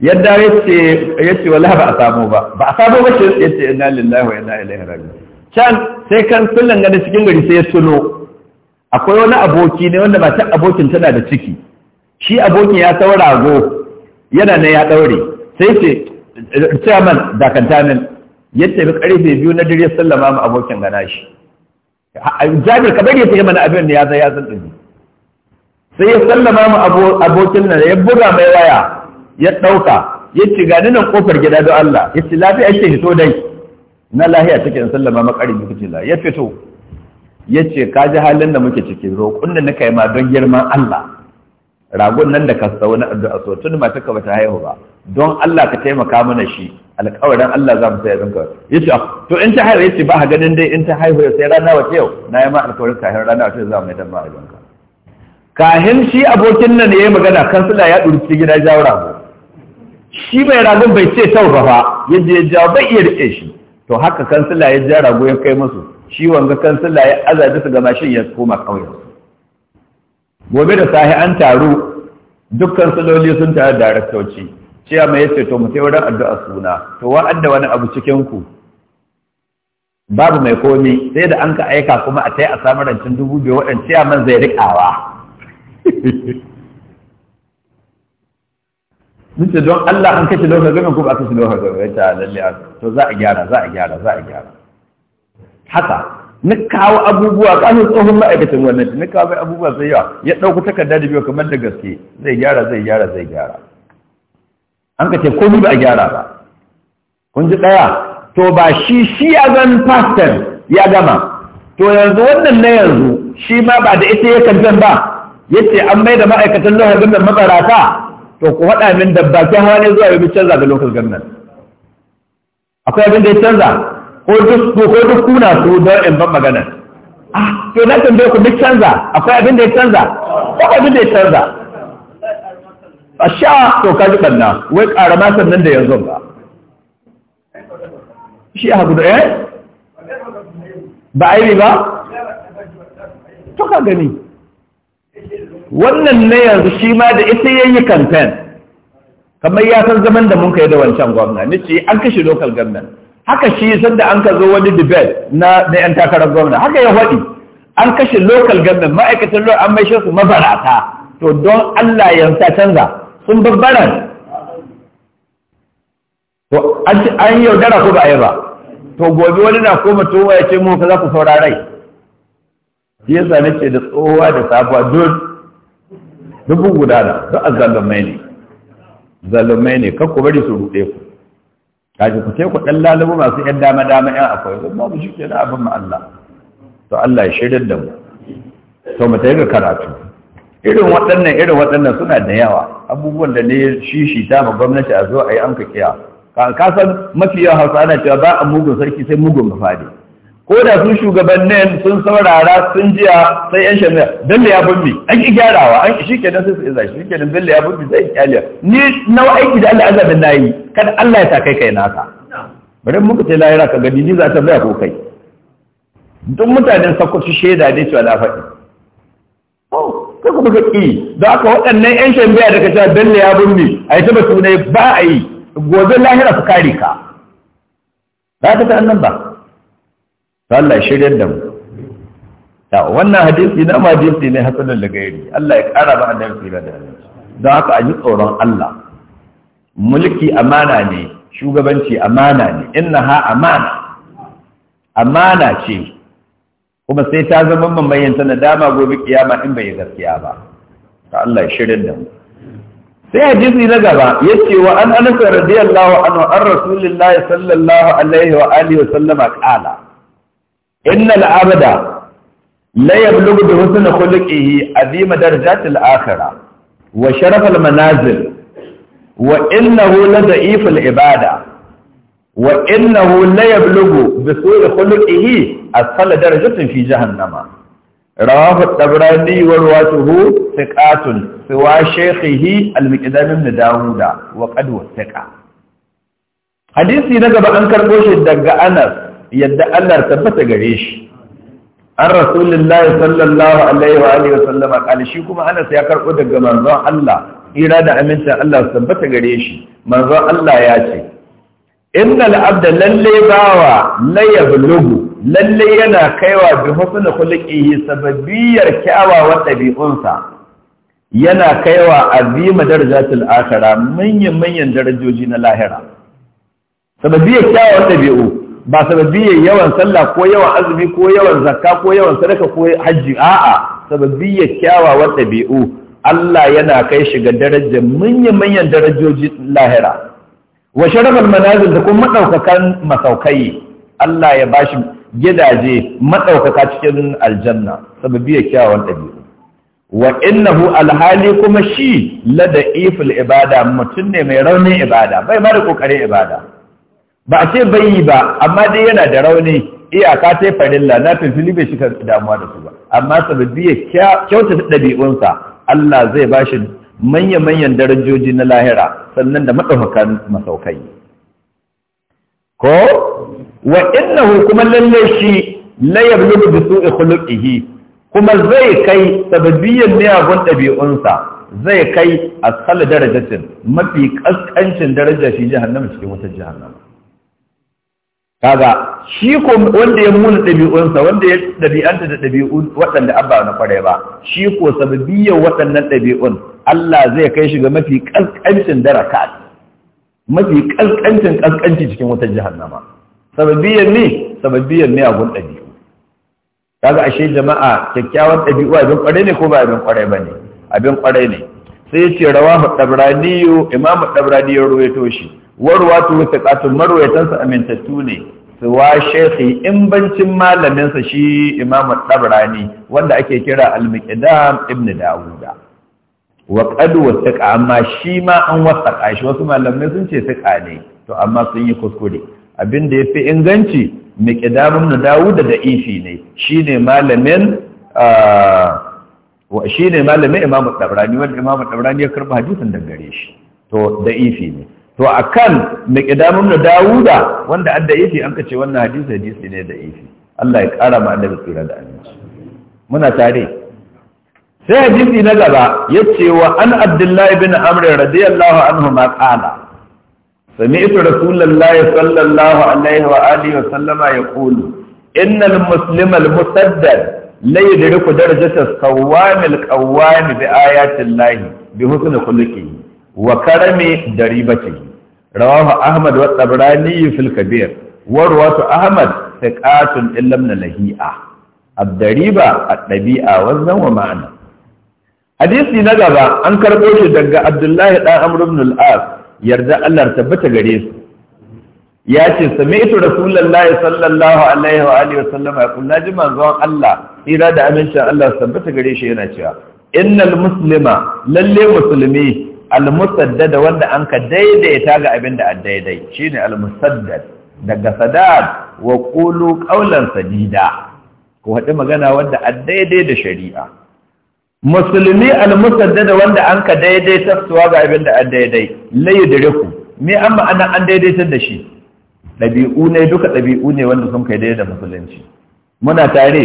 yadda ya ce wala ba a samu ba ba a samu ba ce ya ce ina lillahi wa ina ilaihi raji can sai kan sunan gani cikin gari sai ya tuno akwai wani aboki ne wanda ta abokin tana da ciki shi abokin ya saura rago yana ne ya daure sai ce chairman dakanta min ya tafi karfe biyu na dare sallama mu abokin gana shi jabir ka bari ya tafi mana abin da ya zai ya zan sai ya sallama mu abokin nan ya buga mai waya ya ɗauka ya ce gani nan ƙofar gida don Allah ya ce lafiya ce hito dai na lahiya take in sallama makarin da kuke la ya fito ya ce ka ji halin da muke cikin roƙon da nika yi ma don girman Allah ragon nan da ka sau na addu'a so tun mata ka bata haihu ba don Allah ka taimaka mana shi alƙawarin Allah za mu sai zan ka yace ah, to in ta haihu yace ba ha ganin dai in ta haihu sai rana wace yau na yi ma alƙawarin kahin rana wace za mu yi dan ba kahin shi abokin nan ya yi magana kansila ya durci gida jawo rago shi mai ragun bai ce ta ba yadda ya ja bai iya rike shi to haka kansila ya ja rago ya kai musu shi wanga kansila ya azabi su ga mashin ya koma ƙauyen gobe da sahi an taru duk kansiloli sun taru da daraktoci cewa mai yace to mu wurin addu'a suna to wa adda wani abu cikin ku babu mai komi sai da an ka aika kuma a tai a samu rancin dubu biyu waɗanda ciyaman zai rikawa nace don Allah an kace lokacin gaban ko ba kace lokacin gaban ta ah, lalle a to za a gyara za a gyara za a gyara haka na kawo abubuwa kanin tsohon ma'aikatan wannan na kawo mai abubuwa sai yawa ya dauku takarda da biyu kamar da gaske zai gyara zai gyara zai gyara an kace ko komai ba a gyara ba kun ji ɗaya to ba shi shi ya zan pastor ya gama to yanzu wannan na yanzu shi ma ba da ita ya zan ba yace an mai da ma'aikatan lokacin gaban mabarata to ku haɗa min da bakin hawa ne zuwa yi canza da local government akwai abin da ya canza ko duk kuna su don in ban magana ah to na tambaye ku duk canza akwai abin da ya canza ko abin da ya canza a sha to ka ji ɓanna wai karama sannan da yanzu ba shi a da eh ba aibi ba to ka gani wannan na yanzu shi ma da ita ya yi kamfen kamar ya san zaman da mun kai da wancan gwamna ni ce an kashe local gwamna haka shi sanda an ka zo wani debate na na yan takarar gwamna haka ya faɗi an kashe local gwamna ma'aikatan lo an maishe su mabarata to don Allah yanzu ta canza sun babbaran to an yaudara ko ba a yi ba to gobe wani na koma towa ya ce mu ka za ku saurarai shi yasa nake da tsohuwa da sabuwa duk da, gudana duk zalumai ne zalumai ne kan ku bari su ruɗe ku kaji ku ku ɗan lalubu masu ‘yan dama dama ‘yan akwai ba mu shi ke da abin mu Allah to Allah ya shirin da mu to mu ta yi karatu irin waɗannan irin waɗannan suna da yawa abubuwan da ne shi shi ta ma gwamnati a zo a yi an ka kiya ka san mafi yawan hausa ana cewa ba a mugun sarki sai mugun mafadi ko da sun shugabannin sun saurara sun jiya sai yan shamila bello ya bambi an ki gyarawa an shi kenan sai su iza shi kenan bello ya bambi sai kyaliya ni nawa aiki da Allah azabin nayi kada Allah ya ta kai kai naka bari muka ce lahira ka gani ni za ta baya ko kai duk mutanen sako su shaida ne cewa na faɗi sai oh, kuma ka ki Da aka waɗannan yan biya daga cewa bello ya bambi a yi ba sunai ba a yi gobe lahira su kare ka ba ta ta annan ba Allah shirya da mu ta wannan hadisi na ma hadisi ne hasanan da gairi Allah ya kara ba annabi tsira da annabi don haka a ji tsoron Allah mulki amana ne shugabanci amana ne inna ha amana amana ce kuma sai ta zama ta na dama gobe kiyama in bai gaskiya ba ta Allah ya shirya da mu sai hadisi na gaba ya ce wa an anas radiyallahu anhu an rasulillah sallallahu alaihi wa alihi wa sallama qala إن العبد لا يبلغ بحسن خلقه عظيم درجات الآخرة وشرف المنازل وإنه لضعيف العبادة وإنه لا يبلغ بسوء خلقه أسفل درجة في جهنم رواه التبراني ورواته ثقات سوى شيخه المكذاب بن داود وقد وثقه حديثي نجب أنكر بوش الدقاء أنس yadda Allah tabbata gare shi an rasulullahi sallallahu alaihi wa alihi wa sallama kala shi kuma Anas ya karbo daga manzon Allah ira da amincin Allah tabbata gare shi manzon Allah ya ce innal abda lalle bawa la yablugu lalle yana kaiwa bi husnul khuluqihi sababiyar kyawawan dabi'unsa yana kaiwa azima darajatul akhirah manyan manyan darajoji na lahira sababiyar kyawun dabi'u ba sababiyyar yawan sallah ko yawan azumi ko yawan zakka ko yawan sadaka ko hajji a'a sababiyyar kyawawan ɗabi'u Allah yana kai shi ga darajar manyan-manyan darajoji lahira wa sharafal manazil da kuma madaukakan masaukai Allah ya bashi gidaje madaukaka cikin aljanna sababiyyar kyawawan ɗabi'u wa innahu alhali kuma shi lada ifil ibada mutum ne mai raunin ibada bai ma da kokarin ibada ba a ce bai ba amma dai yana da rauni iyaka ta farilla na bai shiga damuwa da su ba amma sababbi ya kyauta ɗabi'unsa Allah zai ba shi manya-manyan darajoji na lahira sannan da maɗaukakan masaukai ko wa innahu kuma lalle shi la yablugu bi su'i khuluqihi kuma zai kai sababbiyan miyagun ɗabi'unsa zai kai a tsala darajatin mafi kaskancin daraja shi jahannama cikin wata jahannama kaga shi ko wanda ya muna ɗabi'unsa wanda ya ɗabi'anta da ɗabi'un waɗanda abba na kwarai ba shi ko sababiyyar waɗannan ɗabi'un Allah zai kai shi ga mafi ƙanƙancin daraka mafi ƙanƙancin ƙanƙanci cikin wata jahannama sababiyyar ne sababiyyar ne a gun ɗabi'u kaga ashe jama'a kyakkyawan ɗabi'u abin ƙwarai ne ko ba abin ƙwarai ba ne abin ƙwarai ne sai ya ce rawahu dabraniyu imamu dabrani ya ruwaito shi warwatu ƙatun marwaitansa amintattu ne su wa shekhi in bancin malaminsa shi imamu ɗabrani wanda ake kira al-miqdam ibn dawuda wa wa wasaqa amma shi ma an wasaqa shi wasu malamai sun ce thiqa ne to amma sun yi kuskure abinda yafi inganci miqdam ibn dawuda da ifi ne shine malamin ah, wa shi ne malamin imamu ɗabrani wanda imamu ɗabrani ya karɓi hadisin da gare shi to da ifi ne to a kan da ƙidamun da dawuda wanda an da ifi an kace wannan hadisi hadisi ne da ifi Allah ya ƙara ma annabi tsira da aminci muna tare sai hadisi na gaba ya ce wa an abdullahi bin amr radiyallahu anhu ma qala sami'tu rasulullahi sallallahu alaihi wa alihi wa sallama yaqulu innal muslima al-musaddad la yudriku darajata sawamil qawami bi ayati llahi bi husni khuluqihi wa karami daribatihi rawahu ahmad wa tabrani fil kabir wa rawatu ahmad thiqatun illa min lahi'a ad-dariba ad-dabi'a wa wa ma'ana hadisi na gaba an karbo shi daga abdullahi dan amr ibn al-as yarda Allah tabbata gare su ya ce "Sami sami'tu rasulullahi sallallahu alaihi wa alihi wa sallama ya kullu manzon Allah tsira da amincin Allah tabbata gare shi yana cewa innal muslima lalle musulmi al-musaddad wanda an ka daidaita ga abin da daidai shine al-musaddad daga sadad wa qulu qawlan sadida ko hade magana wanda daidai da shari'a musulmi al-musaddad wanda an ka daidaita suwa ga abin da daidai layudriku me amma ana an daidaitar da shi ɗabi'u ne duka ɗabi'u ne wanda sun kai daidai da musulunci muna tare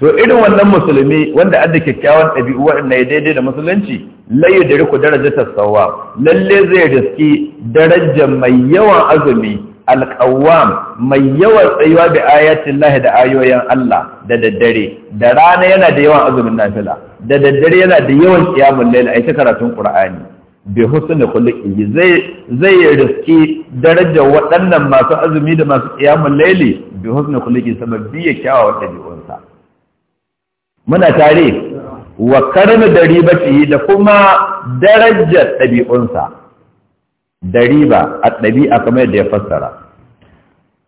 to irin wannan musulmi wanda adda kyakkyawan ɗabi'u waɗanda ya daidai da musulunci layu da riku darajar sawa lalle zai riski darajar mai yawan azumi alƙawam mai yawan tsayuwa da ayatin lahi da ayoyin Allah da daddare da rana yana da yawan azumin nafila da daddare yana da yawan kiyamun laila ai ta karatun qur'ani bi husni khuluqi zai zai riski darajar waɗannan masu azumi da masu kiyamun laili bi husni kulli sababbi ya kyawawan ɗabi'unsa muna tare wa karni da ribati da kuma darajar ɗabi'unsa da riba a ɗabi'a kamar yadda ya fassara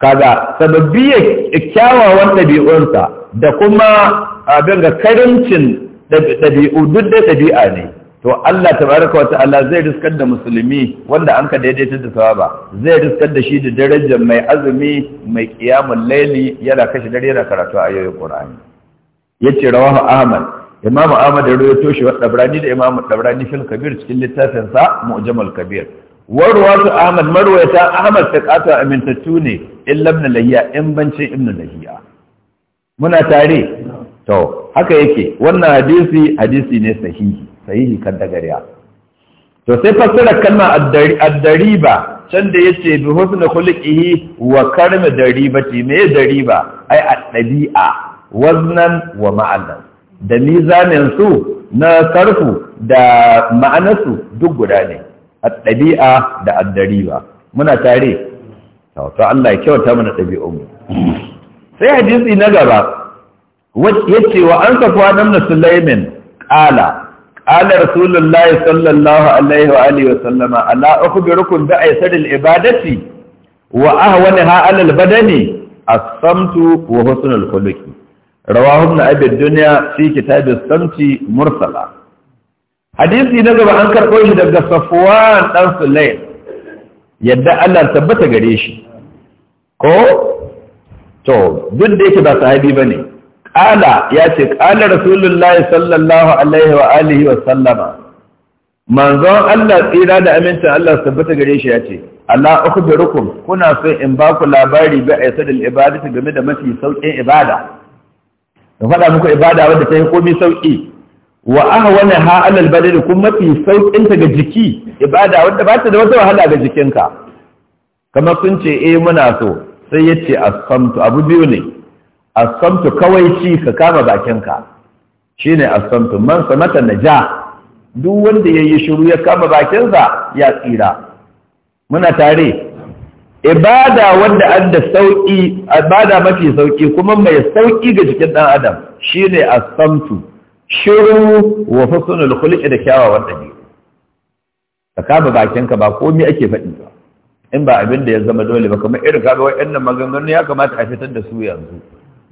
kaga sababbi kyawawan ɗabi'unsa da kuma abin ga karincin ɗabi'u duk da ɗabi'a ne to Allah tabaraka wa ta'ala zai riskar da musulmi wanda an ka daidaita da sawaba zai riskar da shi da darajar mai azumi mai kiyamul laili, yana kashe dare yana karatu ayoyin Qur'ani yace rawahu ahmad imamu ahmad da rawaito shi wa dabrani da imamu dabrani fil kabir cikin littafin sa mu'jamal kabir warwatu ahmad marwayata ahmad taqata amintattu ne illa ibn lahiya in bancin ibn lahiya muna tare to haka yake wannan hadisi hadisi ne sahihi sahihi kan dagariya to sai fassara kalma addariba can da yace bi husni khuluqihi wa karma daribati me dariba ai addabi'a waznan wa ma'anan da mizanin su na sarfu da ma'anarsu duk guda ne a ɗabi'a da addari ba. muna tare to Allah ya kyauta mana ɗabi'unmu sai hadisi na gaba Ya ce wa an safwa nan na Sulaiman Ƙala. qala rasulullahi sallallahu alaihi wa alihi wa sallama ala ukhbirukum bi aysaril ibadati wa ahwanaha ala al badani as-samtu wa husnul khuluqi rawahu ibn abi dunya fi kitab as mursala hadisi na gaba an karbo shi daga safuwan dan sulaim yadda Allah tabbata gare shi ko to duk da yake ba sahabi Ƙala ya ce, Ƙala, rasulullahi sallallahu alaihi wa alihi wa sallama manzon Allah tsira da amincin Allah tabbata gare shi yace Allah uku ukhbirukum kuna so in ba ku labari bi da ibadati game da mafi saukin ibada da faɗa muku ibada wadda ta yi komi sauƙi wa ahwana ha alal badani kuma mafi sauƙinta ga jiki ibada wadda ba ta da wata wahala ga jikinka kamar sun ce eh muna so sai ya ce asamtu abu biyu ne asamtu kawai ci ka kama bakinka shine asamtu man samata ja. duk wanda yayi shiru ya kama bakinsa ya tsira muna tare ibada wanda an da sauƙi ibada mafi sauki, kuma mai sauƙi ga jikin ɗan adam shine as-samtu shiru wa husnul khuluqi da kyawa wanda ne ka kama bakinka ba komai ake faɗi ba in ba abin da ya zama dole ba kamar irin kaga waɗannan maganganu ya kamata a fitar da su yanzu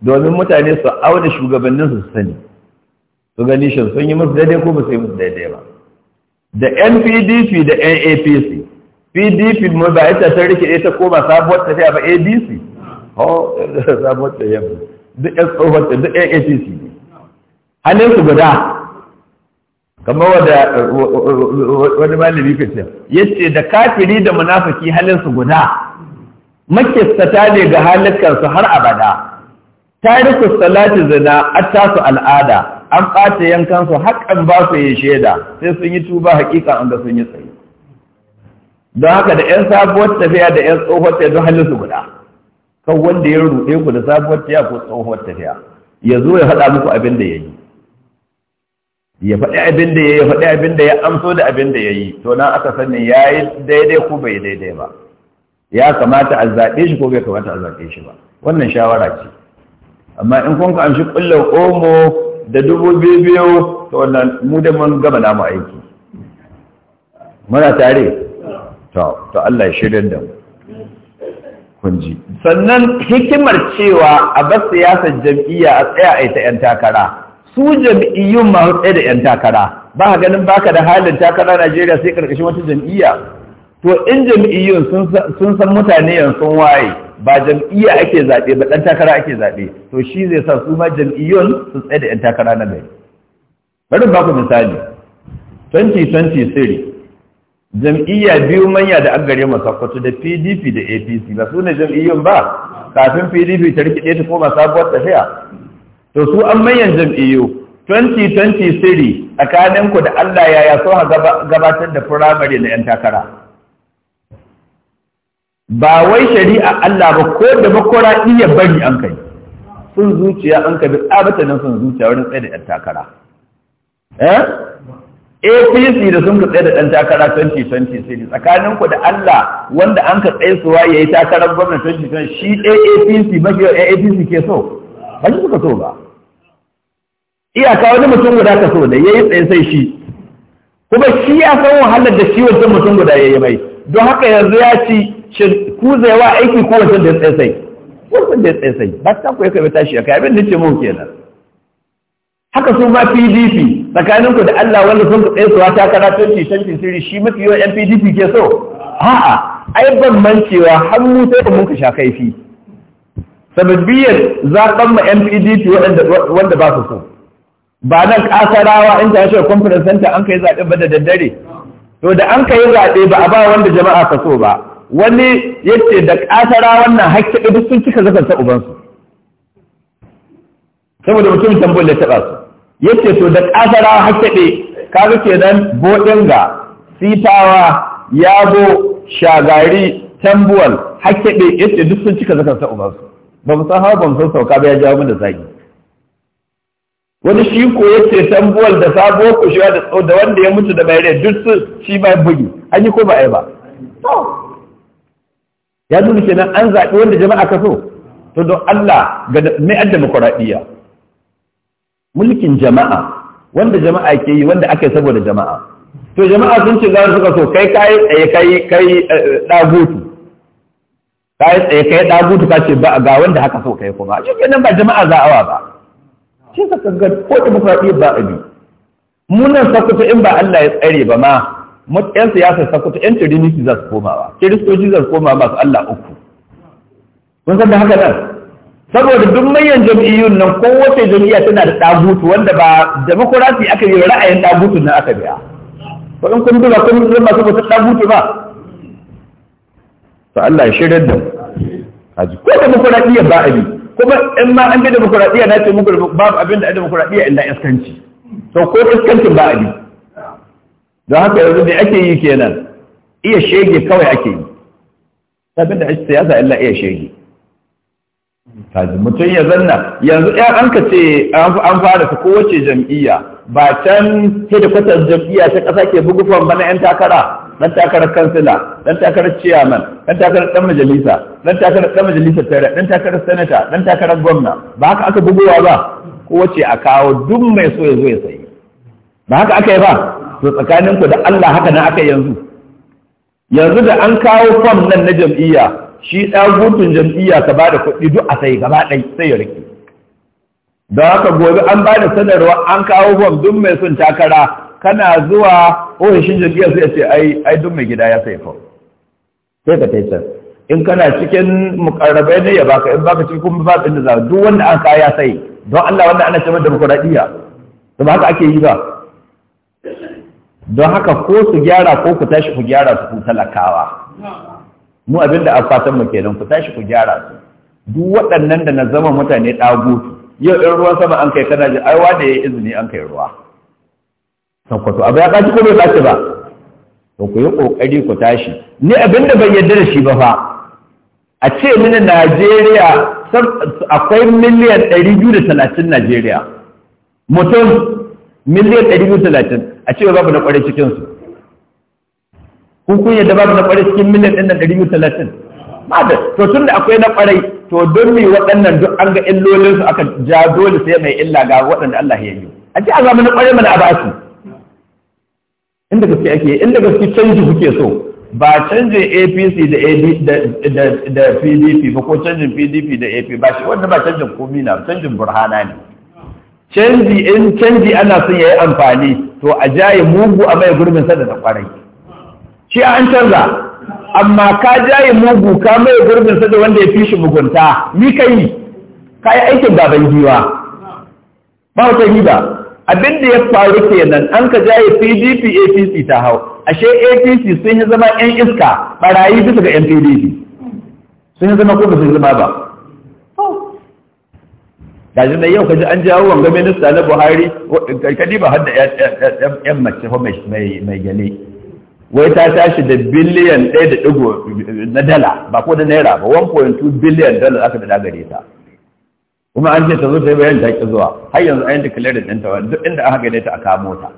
domin mutane su auna shugabannin su sani su gani shin sun yi musu daidai ko ba su yi musu daidai ba da NPDP da NAPC pdp mu ba ita ta rike eh, ta koma sabuwar tafiya ba abc oh sabuwar tafiya ba duk yan tsohon ta duk yan apc ne hannun su guda kamar wanda wani malami ka ce yace da kafiri da munafiki halin su guda makistata ne ga halikansu har abada tarihu salati zina tasu al'ada an ɓata yankansu haƙan ba su yi shaida sai sun yi tuba hakika an ga sun yi tsaye don haka da yan sabuwar tafiya da yan tsohuwar tafiya don halin su guda kan wanda ya ruɗe ku da sabuwar tafiya ko tsohuwar tafiya ya zo ya faɗa muku abin da ya yi ya faɗi abin da ya yi faɗi abin da ya amso da abin da ya yi to na aka sani ya yi daidai ko bai daidai ba ya kamata a zaɓe shi ko bai kamata a zaɓe shi ba wannan shawara ce amma in kun ka amshi ƙullar omo da dubu biyu biyu to wannan mu da mun gama namu aiki muna tare to Allah ya shirya da mu kunji sannan hikimar cewa a bar siyasar jam'iyya a tsaya a ita 'yan takara su jam'iyyun masu tsaye da 'yan takara ba ka ganin baka da halin takara Najeriya sai karkashin wata jam'iyya to in jam'iyyun sun san mutane yanzu sun waye ba jam'iyya ake zaɓe ba ɗan takara ake zaɓe to shi zai sa su ma jam'iyyun su tsaye da 'yan takara na gari bari ba ku misali 2023 jam'iyya biyu manya da an gare masakwato da pdp da apc ba su ne jam'iyyun ba kafin pdp ta rikide ta koma sabuwar tafiya to su an manyan jam'iyyu 2023 tsakaninku da allah yaya so ha gabatar da firamare na 'yan takara ba wai shari'a allah ba ko da bakwara iya bari an kai sun zuciya an kabi nan sun zuciya wurin tsaye da 'yan takara eh? APC da sun ka tsaye da ɗan takara 2020 sai tsakanin ku da Allah wanda an ka tsaye suwa ya yi takarar gwamnan 2020 shi APC mafi yau APC ke so ba shi suka so ba iyaka wani mutum guda ka so da ya yi tsaye sai shi kuma shi ya san wahalar da shi wancan mutum guda ya yi mai don haka yanzu ya ci kuzewa wa aiki ko wancan da ya tsaye sai wancan da ya tsaye sai ba ta ku ya kai tashi ya kai abin da ce mu kenan haka su ma pdp tsakanin ku da allah wanda sun ku tsaye suwa takara 2020 siri shi mafi yawan yan pdp ke so a'a ai ban cewa hannu sai da muka sha kaifi sababbiyar zaɓen ma yan pdp wanda ba su so ba nan kasarawa international conference center an kai zaɓe ba da daddare to da an kai zaɓe ba a ba wanda jama'a ka so ba wani yace da kasarawan nan hakki duk sun cika zakar ta ubansu saboda mutum tambon da taɓa su yace to da ƙasara hakkaɗe dan kenan ga sitawa, yabo, shagari tambuwal hakkaɗe yace duk sun cika zakar sa'u ba su ba mu san hawa ba mu san sauka ba ya jawo mun da zagi wani shi ko yace tambuwal da sabo ko shi da da wanda ya mutu da bai rai duk su shi ba bugi an yi ko ba ai ba to ya nuna kenan an zaɓi wanda jama'a ka so to don Allah ga mai adda mukwaraɗiya mulkin jama'a wanda jama'a ke yi wanda ake saboda jama'a to jama'a sun ce za suka so kai kai kai kai dagutu kai tsaye kai dagutu eh, ka ce ba ga wanda haka so kai kuma shi kenan ba jama'a za'awa ba shi ka ga ko yi ba abi munan sakuta in ba Allah ya tsare ba ma yan siyasar sakuta yan trinity za su komawa kiristoci za su koma masu Allah uku kun san da haka nan saboda duk manyan jam'iyyun nan kowace jam'iyya tana da ɗagutu wanda ba demokurasi aka yi ra'ayin ɗagutun nan aka biya ba in kun duba kun zama masu ba ɗagutu ba to Allah ya shirya da haji ko demokurasiya ba a bi kuma in ma an bi demokurasiya na ce muku babu abin da a demokurasiya illa iskanci to ko iskancin ba a bi don haka yanzu da ake yi kenan iya shege kawai ake yi abin da siyasa illa iya shege kaji mutum ya zanna yanzu ya an ka ce an fara ko kowace jam'iyya ba can hedikwatar jam'iyya ta ƙasa ke bugu form bana 'yan takara ɗan takarar kansila ɗan takarar ciyaman ɗan takarar ɗan majalisa ɗan takarar ɗan majalisar tare ɗan takarar sanata ɗan takarar gwamna ba haka aka bugowa ba kowace a kawo duk mai so ya zo ya sayi ba haka aka yi ba to tsakaninku da Allah haka na aka yanzu yanzu da an kawo fam nan na jam'iyya shi ɗagutun jam'iyya ka ba da kuɗi duk a sai gaba ɗai sai ya rike da haka gobe an ba da sanarwa an kawo fom duk mai son takara kana zuwa ofishin jam'iyyar sai ce ai ai duk mai gida ya sai fom sai ka tai in kana cikin mukarrabai ne ya baka in baka cikin kuma ba da za duk wanda an kawo ya sai don Allah wanda ana cewa demokradiyya to ba haka ake yi ba don haka ko su gyara ko ku tashi ku gyara su talakawa mu abinda da fatan mu kenan ku tashi ku gyara su duk waɗannan da na zama mutane ɗagutu yau ɗin ruwan sama an kai kana ji aiwa da ya yi izini an kai ruwa sakwato abu ya kaci ko bai kaci ba to ku yi ƙoƙari ku tashi ni abinda ban yarda da shi ba fa a ce mini najeriya akwai miliyan ɗari biyu da talatin najeriya mutum miliyan ɗari biyu da talatin a ce babu na ƙwarai cikinsu kun kun yadda babu na kwarai cikin miliyan ɗin nan ɗari biyu talatin madar to tun da akwai na kwarai to don me waɗannan duk an ga illolinsu aka ja dole sai mai illa ga waɗanda Allah ya yi a ji a zama na kwarai mana a basu. inda gaske ake inda gaske canji kuke so ba canjin apc da pdp ba ko canjin pdp da ap ba shi wanda ba canjin komi na canjin burhana ne canji in canji ana son ya yi amfani to a jaye mugu a mai gurbin sa da kwarai shi an canza amma ka jaye mugu ka mai gurbin sa da wanda ya fi shi mugunta ni ka yi ka yi aikin baban giwa ba wata riba abin da ya faru kenan an ka jaye pdp apc ta hau ashe apc sun yi zama yan iska barayi bisa ga yan sun yi zama ko ba sun zama ba gaji na yau kaji an jawo wanga minista na buhari kadi ba har da yan mace mai gale wai ta tashi da biliyan ɗaya da ɗigo na dala ba ko da naira ba 1.2 biliyan dala aka da gare ta kuma an ce ta zo ta yi bayan ta ki zuwa har yanzu an yi declared ɗin ta duk inda aka gane ta a kamo ta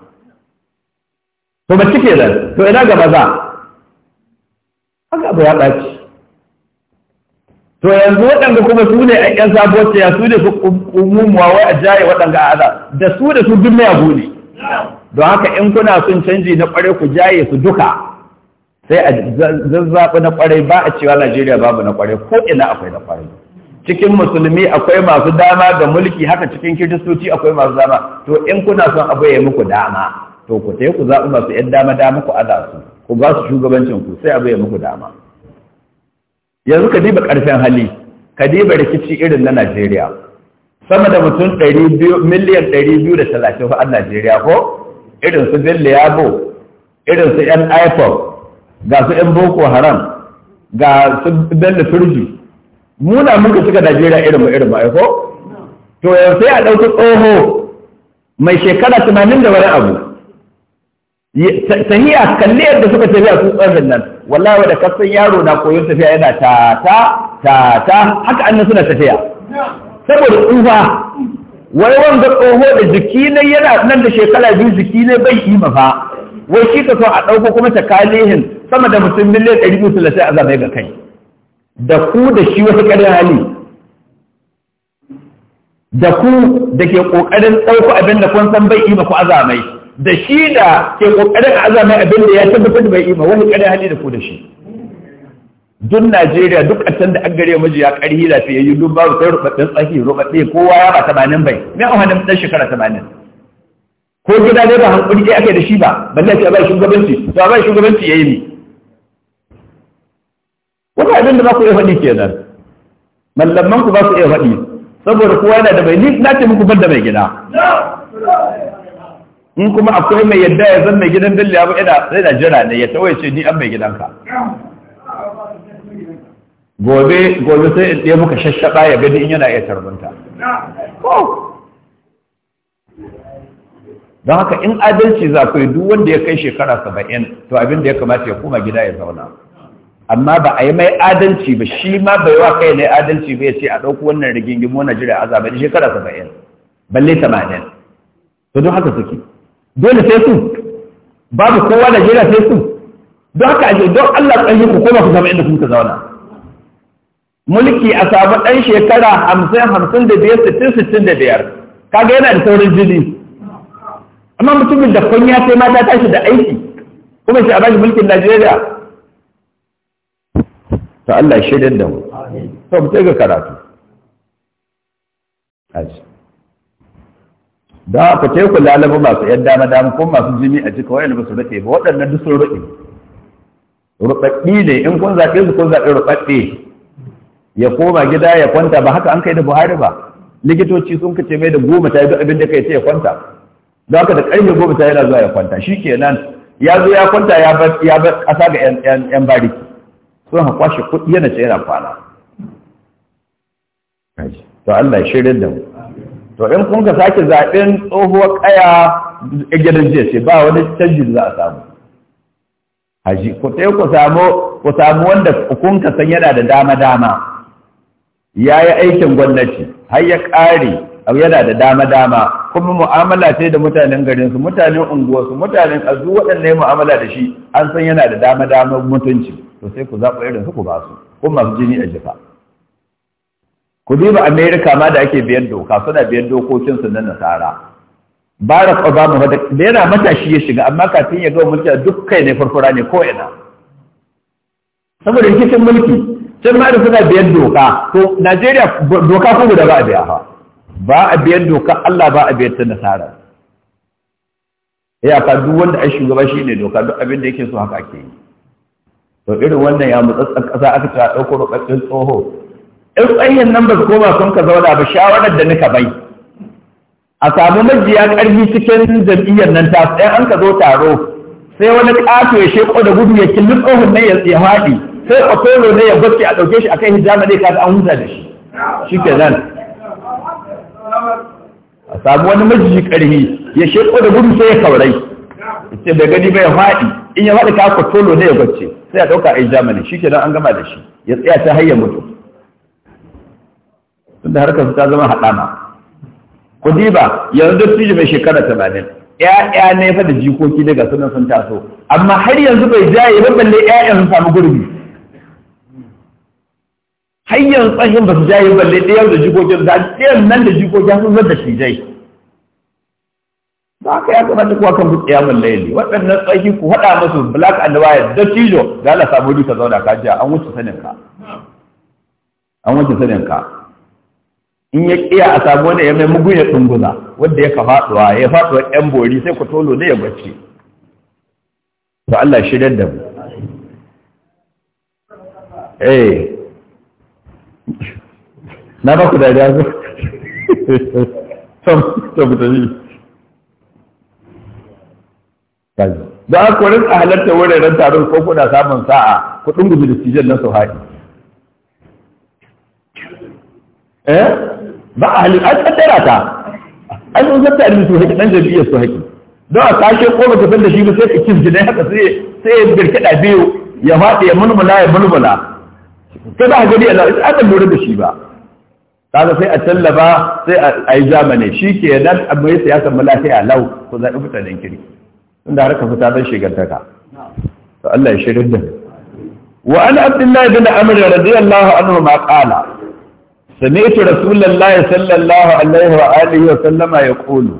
to ba cike da to ina ga maza haka ba ya ɓaci to yanzu waɗanda kuma su ne a ƴan sabuwar ya su ne su umumuwa wai a jaye waɗanda a da su da su duk mai abu ne don haka in kuna son canji na kwarai ku jaye su duka sai a zazzaɓi na kwarai ba a cewa Najeriya babu na kwarai ko ina akwai na kwarai cikin musulmi akwai masu dama da mulki haka cikin kiristoci akwai masu dama to in kuna son abu ya muku dama to ku sai ku zaɓi masu ‘yan dama dama ku ada su ku ba su shugabancin ku sai abu ya muku dama yanzu ka diba ƙarfin hali ka diba rikici irin na Najeriya sama da mutum miliyan ɗari biyu da talatin a Najeriya ko irin su bille yabo irin su yan ipod ga su yan boko haram ga su bille turji muna muka cika najeriya irin mu irin mu aiko to sai a ɗauki tsoho mai shekara tunanin da wani abu sahiya kalli yadda suka tafiya su tsohon nan wallahi da kasan yaro na koyon tafiya yana ta ta ta ta haka annan suna tafiya saboda tsufa wai wanda tsoho da jiki ne yana nan da shekara biyu jiki ne bai yi ma fa wai shi ka so a ɗauko kuma ta kalihin sama da mutum miliyan ɗari biyu talatin a zamai ga kai da ku da shi wasu ƙarin hali da ku da ke ƙoƙarin ɗauko abin da kun san bai ima ku azamai da shi da ke ƙoƙarin azamai abin da ya tabbatar bai ima wani ƙarin hali da ku da shi duk Najeriya duk ƙasan da an gare majiya ƙarhi lafiyayyu duk babu sai rubatsen tsaki rubatse kowa ya ba tamanin bai me a hannun ɗan shekara tamanin ko gida ne ba hankuri ɗaya ake da shi ba balle ce a bai shugabanci to a bai shugabanci ya yi ne wata abin da za ku iya faɗi kenan mallaman ku ba su iya faɗi saboda kowa yana da bai ni na ce muku ban da mai gida in kuma akwai mai yadda ya zan mai gidan dalle abu ina sai na jira ne ya tawaye ce ni an mai gidanka gobe gobe sai in ɗaya muka shashaɓa ya gani in yana iya tarbunta don haka in adalci za ku yi duk wanda ya kai shekara saba'in to abinda ya kamata ya koma gida ya zauna amma ba a yi mai adalci ba shi ma bai wa kai ne adalci ba ya ce a ɗauki wannan rigingimo na jira azaba da shekara saba'in balle tamanin to don haka suke dole sai su babu kowa da jira sai su don haka a don Allah tsaye ku koma ku zama inda kuka zauna mulki a samu ɗan shekara hamsin hamsin da biyar sittin sittin da biyar kaga yana da saurin jini amma mutumin da kwanya sai mata tashi da aiki kuma shi a bashi mulkin najeriya ta Allah shaidan da mu to mu ga karatu da ku ce ku lalaba masu yan dama dama ko masu jini a cika wayan ba su rufe ba waɗannan duk sun rufe rubabbi ne in kun zaɓe su kun zaɓe rubabbi ya koma gida ya kwanta ba haka an kai da buhari ba likitoci sun kace mai da goma ta yi duk abin da kai ce ya kwanta don haka da ƙarfe goma ta yana zuwa ya kwanta shi kenan ya zo ya kwanta ya bar ƙasa ga 'yan bariki sun haƙwa shi kuɗi yana ce yana kwana to Allah shirin da mu to in kun ka sake zaɓen tsohuwar ƙaya a gidan jiya ce ba wani canji da za a samu haji ku sai ku samu wanda kun ka san yana da dama dama ya yi aikin gwamnati har ya ƙare yana da dama-dama kuma mu'amala ce da mutanen garinsu mutanen unguwarsu mutanen azu waɗannan ya mu'amala da shi an san yana da dama-dama mutunci to sai ku zaɓa irin su ku ba su kuma masu jini a jifa ku duba america ma da ake biyan doka suna biyan dokokin su na nasara barak obama da yana matashi ya shiga amma kafin ya ga mulki duk kai ne furfura ne ko ina saboda rikicin mulki can ma da suna biyan doka to najeriya doka ko guda ba a biya ba ba a biyan doka allah ba a biyan ta nasara ya ka duk wanda ai shugaba shi ne doka duk abin da yake so haka ake yi to irin wannan ya tsatsan ƙasa aka ta dauko ɗauko tsoho in tsayin nan ba su koma sun ka zauna ba shawarar da nika bai a samu majiya karfi cikin jam'iyyar nan ta sai an ka zo taro sai wani ƙato ya sheko da gudu ya killi tsohon nan ya faɗi sai kolo ne ya baske a ɗauke shi a kai hijama ne kada an huta da shi shi ke nan a samu wani majiji ƙarfi ya shekwa da gudu sai ya kaurai ce bai gani bai faɗi in ya faɗi ka otolo ne ya bacce sai a ɗauka a hijama ne shi ke nan an gama da shi ya tsaya ta hayyar mutu da harkar ta zama haɗama kudi ba yanzu su mai shekara tamanin ‘ya'ya ne fa da jikoki daga sunan sun taso, amma har yanzu bai jaye ba balle ‘ya'yan sun samu gurbi. hanyar tsahin ba su jaye balle ɗayar da jikokin za ɗayar nan da jikokin sun zar shi jai ba ka ya kamata kuwa kan kutsiya mun laili waɗannan tsaki ku haɗa musu black and white da tijo ga ala samu duka zauna ka ji an wuce sanin ka an wuce sanin ka in ya ƙiya a samu wani ya mai mugun ya dunguza wanda ya ka faɗuwa ya faɗuwa ɗan bori sai ku tolo ne ya bacci Ba Allah shirin da mu eh na ba ku dariya zo to mu tafi da ku rinka halarta wuraren taron ko kuna samun sa'a ku dungume da tijan na sahabi eh ba ahli an kaddara ta an zo zata ilmi su haƙi dan jami'ar su haƙi don a kashe ko ba ta san da shi ba sai ka kisji dai haka sai ya birkada biyu ya faɗi ya mulmula ya mulmula kai ba gani Allah in aka lura da shi ba kaga sai a tallafa sai a yi zamane shi ke nan amma ya ya samu lafiya lau ko zaɓi mutanen kirki inda har ka fita don shigantaka to Allah ya shirin da wa an abdullahi bin amr radiyallahu anhu ma qala sami'tu rasulullahi sallallahu alaihi wa alihi wa sallama yaqulu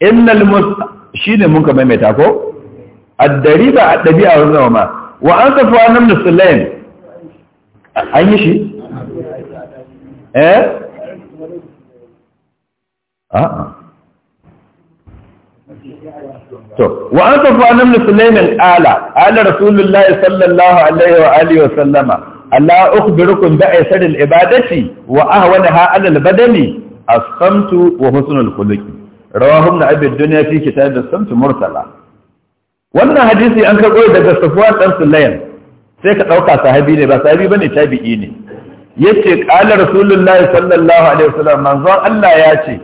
innal mus shine mun ka maimaita ko addariba addabi'a wa ma wa an safwan ibn sulaim an yi shi eh a'a to wa an tafi nan musulmin ala ala rasulullahi sallallahu alaihi wa alihi wa sallama Allah ukhbirukum bi aysaril ibadati wa ahwanaha ala al badani as-samtu wa husnul khuluq rawahu ibn abi dunya fi kitab as-samt mursala wannan hadisi an karbo daga safwan dan sulaym sai ka ɗauka sahabi ne ba sahabi ba ne tabi'i ne yace ƙalar rasulullahi sallallahu alaihi wasallam manzon Allah ya ce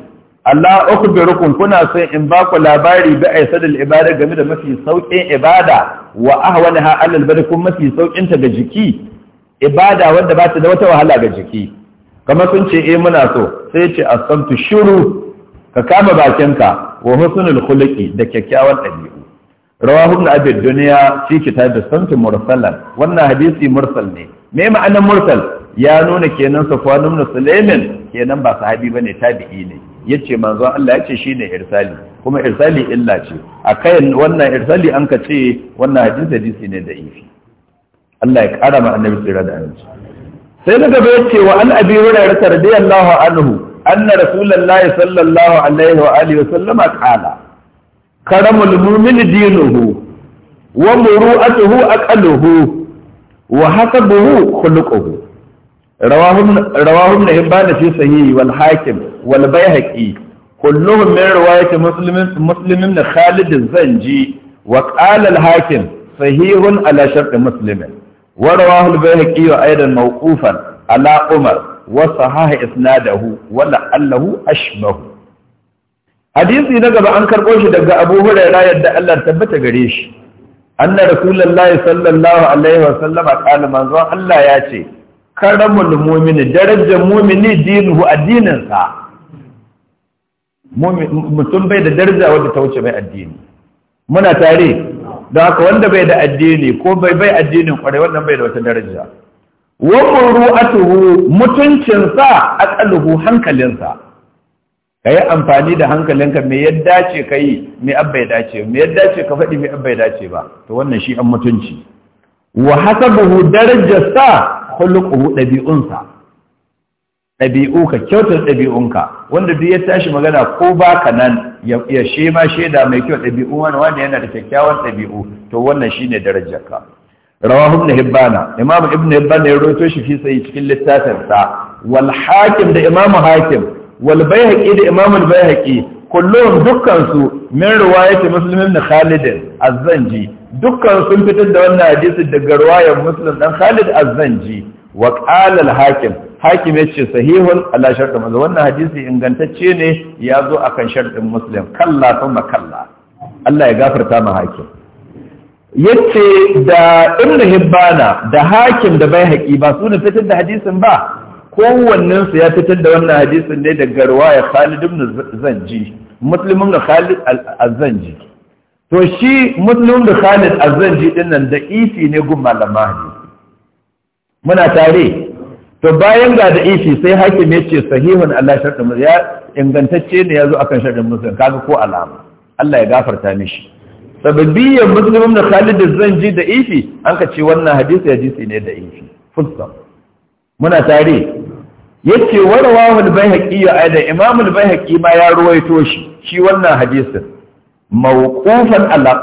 Allah rukun kuna son in ba ku labari bi aisadil ibada game da mafi saukin ibada wa ha alal bari kuma mafi saukin ta ga jiki ibada wanda ba ta da wata wahala ga jiki kamar sun ce eh muna so sai ce a samtu shuru ka kama bakinka wa husnul khuluqi da kyakkyawan ɗabi'u rawahu ibn abi dunya fi kitab as-samt mursalan wannan hadisi mursal ne me ma'anar mursal ya nuna kenan safwan ibn sulaiman kenan ba sahabi bane tabi'i ne yace manzo Allah yace shine irsali kuma irsali illa ce akai wannan irsali an ka ce wannan hadisi hadisi ne da ifi Allah ya kara ma annabi tsira da annabi sai daga bai ce wa an abi hurairah radiyallahu anhu anna rasulullahi sallallahu alaihi wa alihi wa sallama qala karamul mumin dinuhu wa muru'atuhu aqaluhu wa hasabuhu khuluquhu rawahum rawahum ibn fi sahih wal hakim wal bayhaqi kulluhum min riwayati muslimin muslimin khalid az-zanji wa qala al hakim sahihun ala shart muslimin wa rawahu al bayhaqi wa aidan mawqufan ala umar wa sahaha isnadahu wa la'allahu ashbahu hadisi na gaba an karɓo shi daga abu huraira yadda Allah tabbata gare shi anna rasulullahi sallallahu alaihi wa sallama qala manzo Allah ya ce karamul mu'mini darajar mu'mini dinuhu addinin sa mutum bai da daraja wanda ta wuce mai addini muna tare da haka wanda bai da addini ko bai bai addinin kware wannan bai da wata daraja wa qurru'atuhu mutuncinsa aqaluhu hankalinsa ka yi amfani da hankalinka me yadda dace ka yi me abba ya dace me yadda dace ka faɗi me abba ya dace ba to wannan shi an mutunci wa hasabuhu darajarsa khuluquhu dabi'unsa dabi'u ka kyautar dabi'unka wanda duk ya tashi magana ko baka nan ya she ma sheda mai kyau dabi'u wani wanda yana da kyakkyawan dabi'u to wannan shine darajarka rawahu ibn hibbana imam ibn hibbana ya rawaito shi fi sai cikin littafin sa wal hakim da imam hakim wal bayhaqi da imam al bayhaqi kullum dukkan su min riwayati muslim ibn khalid az-zanji dukkan sun fitar da wannan hadisi daga riwayar muslim dan khalid az-zanji wa qala al hakim hakim ya ce sahihun ala sharɗin muslim wannan hadisi ingantacce ne ya zo a kan sharɗin muslim kalla kuma kalla Allah ya gafarta ma hakim ya ce da ibn hibbana da hakim da bai ba su ne fitar da hadisin ba kowannen su ya fitar da wannan hadisin ne daga ruwaya Khalid ibn Zanji muslimin da Khalid al-Zanji to shi muslimin da Khalid al-Zanji din nan da ifi ne gun malama ne muna tare to bayan ga da ifi sai hakim yace sahihun Allah shartu ya ingantacce ne yazo akan shartu muslim kaga ko alama Allah ya gafarta mishi sababiyyar muslimin da Khalid al-Zanji da ifi an ka ce wannan hadisi hadisi ne da ifi fulsa muna tare yace wa rawahul ya aidan Imamul al ma ya ruwaito shi shi wannan hadisin mawukufan ala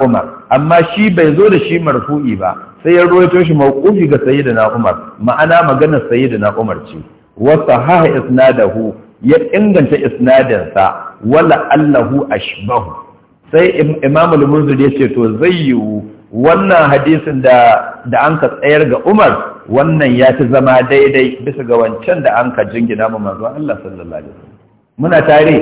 amma shi bai zo da shi marfu'i ba sai ya ruwaito shi mawukufi ga sayyidina umar ma'ana maganar sayyidina umar ce wa sahaha isnadahu ya inganta isnadinsa wala allahu ashbahu sai Imamul Muzir ya yace to zai yiwu wannan hadisin da da an ka tsayar ga Umar wannan ya fi zama daidai bisa ga wancan da an ka jingina mu manzo Allah sallallahu alaihi wasallam muna tare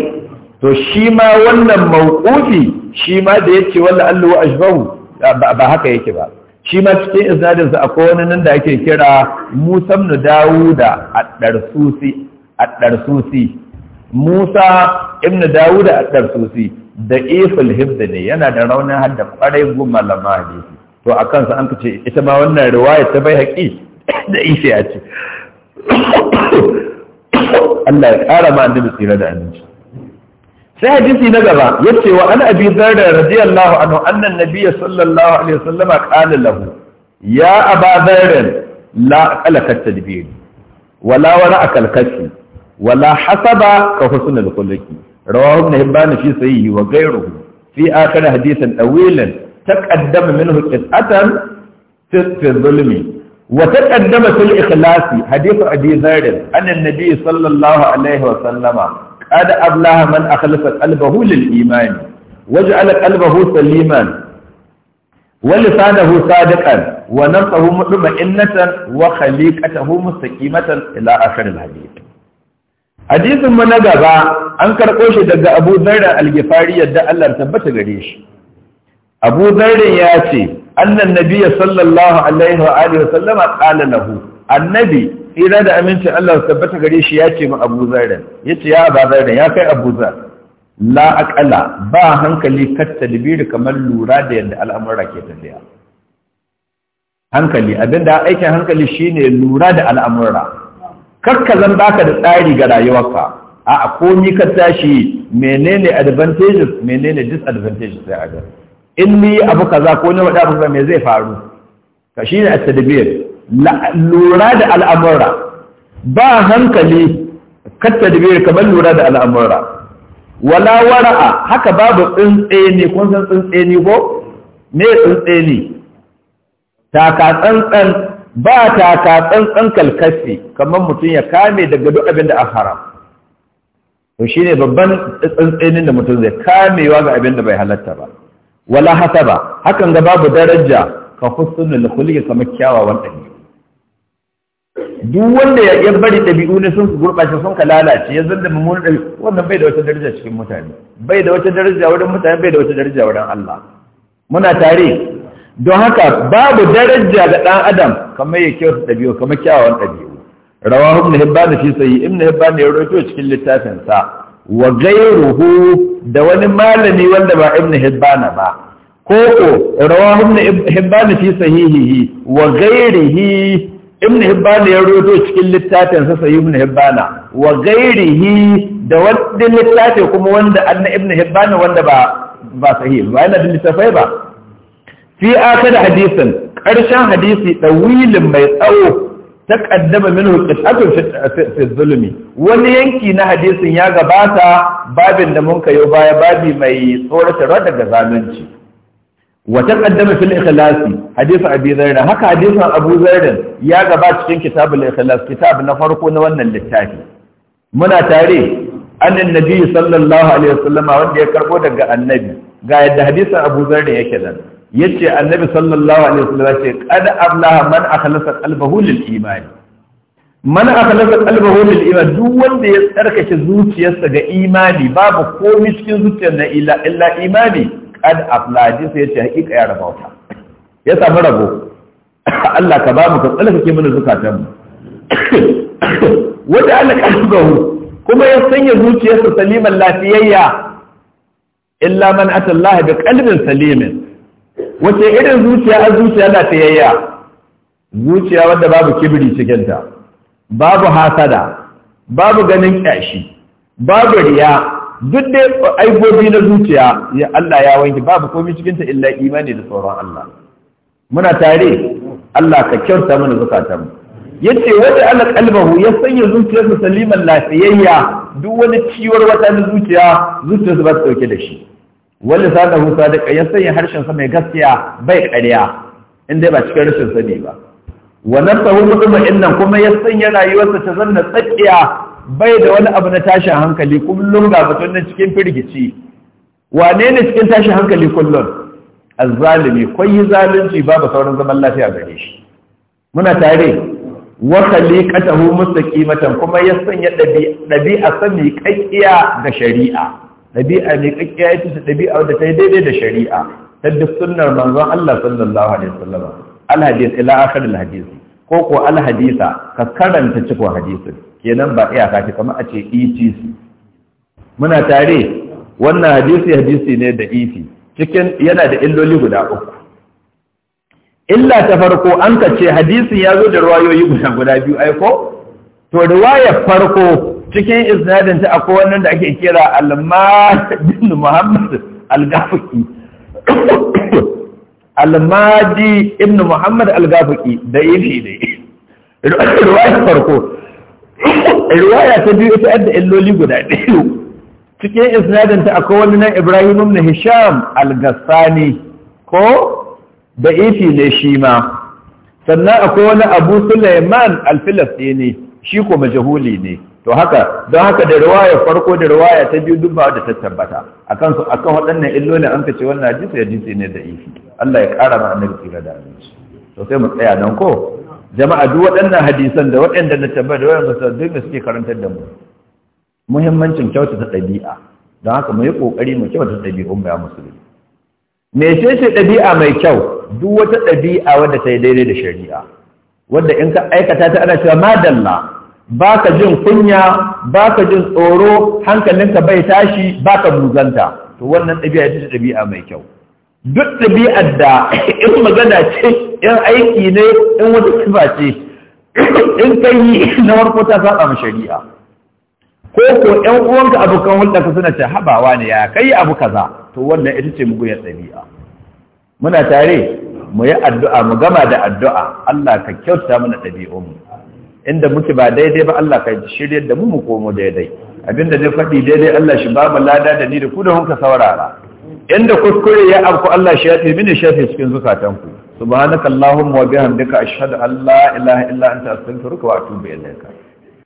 to shi ma wannan mawqufi shi ma da yake walla allu wa ashbahu ba haka yake ba shi ma cikin isnadin sa akwai wani nan da ake kira Musa ibn Dawuda ad-Darsusi ad-Darsusi Musa ibn Dawuda ad-Darsusi da ifil hibda ne yana da raunin hadda kwarai gun malama hadisi to a kansa an ce ita ma wannan riwaya ta bai haƙi da ishe ya ce Allah ya ƙara ma annabi tsira da aminci sai hadisi na gaba yace ce wa an abi zarra radiyallahu anhu annan nabiyya sallallahu alaihi wasallam qala lahu ya aba zarra la qalaka tadbir wala wara akalkasi wala hasaba ka husnul khuluqi رواه ابن هبان في صحيح وغيره في آخر حديث طويل تقدم منه قطعة في الظلم وتقدم في الإخلاص حديث أبي ذر أن النبي صلى الله عليه وسلم قد أبلاه من أخلص قلبه للإيمان وجعل قلبه سليما ولسانه صادقا ونفسه مطمئنة وخليقته مستقيمة إلى آخر الحديث hadisin mu na gaba an karɓo shi daga Abu Dharr algifari yadda Allah tabbata gare shi Abu Dharr ya ce annan nabiy sallallahu alaihi wa alihi wa sallama qala lahu annabi ina da aminci Allah tabbata gare shi ya ce ma Abu ya yace ya Abu Dharr ya kai Abu Dharr la aqala ba hankali libiri kamar lura da yadda al'amura ke tafiya hankali abinda aikin hankali shine lura da al'amura zan baka da tsari ga rayuwarka a komi ka tashi menene advantages menene disadvantages sai a ga in ni abu kaza ko ne wada abu me zai faru ka shine at-tadbir lura da al'amura ba hankali ka tadbir kamar lura da al'amura wala wara'a haka babu ne kun san ne ko me Ta ka tsantsan ba ta ka tsantsan kalkasi kamar mutum ya kame daga duk abin da an haram to ne babban tsantsanin da mutum zai kamewa ga abin da bai halatta ba wala hasaba hakan ga babu daraja ka husnul khuluqi kamar kyawawan dabi'u duk wanda ya bari ɗabi'u ne sun gurɓace sun ka lalace ya zanda mummunan ɗabi'u wannan bai da wata daraja cikin mutane bai da wata daraja wurin mutane bai da wata daraja wurin Allah muna tare don haka babu daraja ga ɗan adam kamar ya kyautu ɗabi'u kamar kyawawan ɗabi'u rawa ibn hibban fi sayi ibn hibban ya rawaito cikin littafin sa wa ghayruhu da wani malami wanda ba ibn hibban ba ko ko rawa ibn hibban fi sahihihi wa ghayrihi ibn hibban ya rawaito cikin littafin sa sayi ibn hibban wa ghayrihi da wani littafi kuma wanda anna ibn hibban wanda ba ba sahihi ba yana da littafai ba fi aka da hadisin ƙarshen hadisi ɗawilin mai tsawo ta ƙaddama min hukumatun fi zulumi wani yanki na hadisin ya gabata babin da mun kayo baya babi mai tsoratarwa daga zalunci wata ƙaddama fil ikhlasi hadisin abi zarra haka hadisin abu ya gaba cikin kitabul ikhlas kitab na farko na wannan littafi muna tare annin nabi sallallahu alaihi wasallama wanda ya karbo daga annabi ga yadda hadisin abu yake nan yace annabi sallallahu alaihi wasallam ce qad ablaha man akhlasa qalbahu lil iman man akhlasa qalbahu lil iman duk wanda ya tsarkake zuciyarsa ga imani babu komai cikin zuciyar na illa illa imani qad ablaha sai yace hakika ya rabauta ya samu rabo Allah ka ba mu ka tsarkake mana zukatanmu wanda Allah ka shugahu kuma ya sanya zuciyarsa saliman lafiyayya illa man atallaha bi qalbin salimin wace irin zuciya a zuciya da ta zuciya wadda babu kibiri cikinta babu hasada babu ganin kyashi babu riya duk da aibobi na zuciya ya Allah ya wanke babu komai cikinta illa imani da tsoron Allah muna tare Allah ka kyauta mana zukatanmu yace wata ala kalbahu ya sanya zuciyarsa saliman lafiyayya duk wani ciwar wata na zuciya zuciyarsa ba ta dauke da shi wanda sa da husa da ya sanya harshen sa mai gaskiya bai ƙarya in dai ba cikin rashin sani ba wa nafsahu innan kuma ya sanya rayuwarsa ta zanna tsakiya bai da wani abu na tashin hankali kullum ga mutum na cikin firgici wane ne cikin tashin hankali kullum azzalimi kwayi zalunci babu sauran zaman lafiya gare shi muna tare wa khaliqatahu mustaqimatan kuma ya sanya dabi'a sanni kakkiya ga shari'a ɗabi'a mai kakkiya ita ce ɗabi'a wadda ta yi daidai da shari'a ta duk sunnar manzon Allah sallallahu alaihi wasallam alhadis ila akhir alhadis ko ko alhadisa ka karanta cikon hadisin kenan ba iya ka kamar a ce etc muna tare wannan hadisi hadisi ne da ifi e cikin yana da illoli guda uku illa ta farko an ka ce hadisin ya zo da ruwayoyi guda guda biyu aiko to riwayar farko cikin isnadin ta akwai wannan da ake kira al-mahdi muhammad al-gafiki al-mahdi ibn muhammad al-gafiki da yishi ne riwaya farko riwaya ta biyu ita da illoli guda biyu cikin isnadin ta akwai wannan nan ibrahim ibn hisham al-gassani ko da yishi ne shi ma sannan akwai wani abu sulaiman al-filastini shi ko majahuli ne to haka don haka da riwaya farko da riwaya ta biyu duk ba da ta tabbata akan su akan waɗannan illolin an kace wannan hadisi hadisi ne da ifi Allah ya ƙara ma annabi tsira da aminci to sai mu tsaya nan ko jama'a duk waɗannan hadisan da waɗanda na tabbata da waɗanda su duk suke karantar da mu muhimmancin ta ɗabi'a don haka mu yi ƙoƙari mu kyautata ɗabi'un mu ya musulmi ce, ce ɗabi'a mai kyau duk wata ɗabi'a wadda ta yi daidai da shari'a wadda in ka aikata ta ana cewa madalla ba ka jin kunya ba ka jin tsoro hankalinka bai tashi ba ka buzanta to wannan ɗabi'a ita ce ɗabi'a mai kyau duk ɗabi'ar da in magana ce in aiki ne in wata sifa ce in kai yi na farko ta saba ma shari'a ko ko ƴan uwanka abokan ka suna ce habawa ne ya kai abu kaza to wannan ita ce mu mugunyar ɗabi'a muna tare mu yi addu'a mu gama da addu'a Allah ka kyauta mana mu. inda muke ba daidai ba Allah ka shirye da mu mu komo daidai abinda zai faɗi daidai Allah shi babu lada da ni da ku da hunka saurara inda kuskure ya abku Allah shi ya tafi mini shafe cikin zukatanku subhanakallahumma wa bihamdika ashhadu an la ilaha illa anta astaghfiruka wa atubu ilayka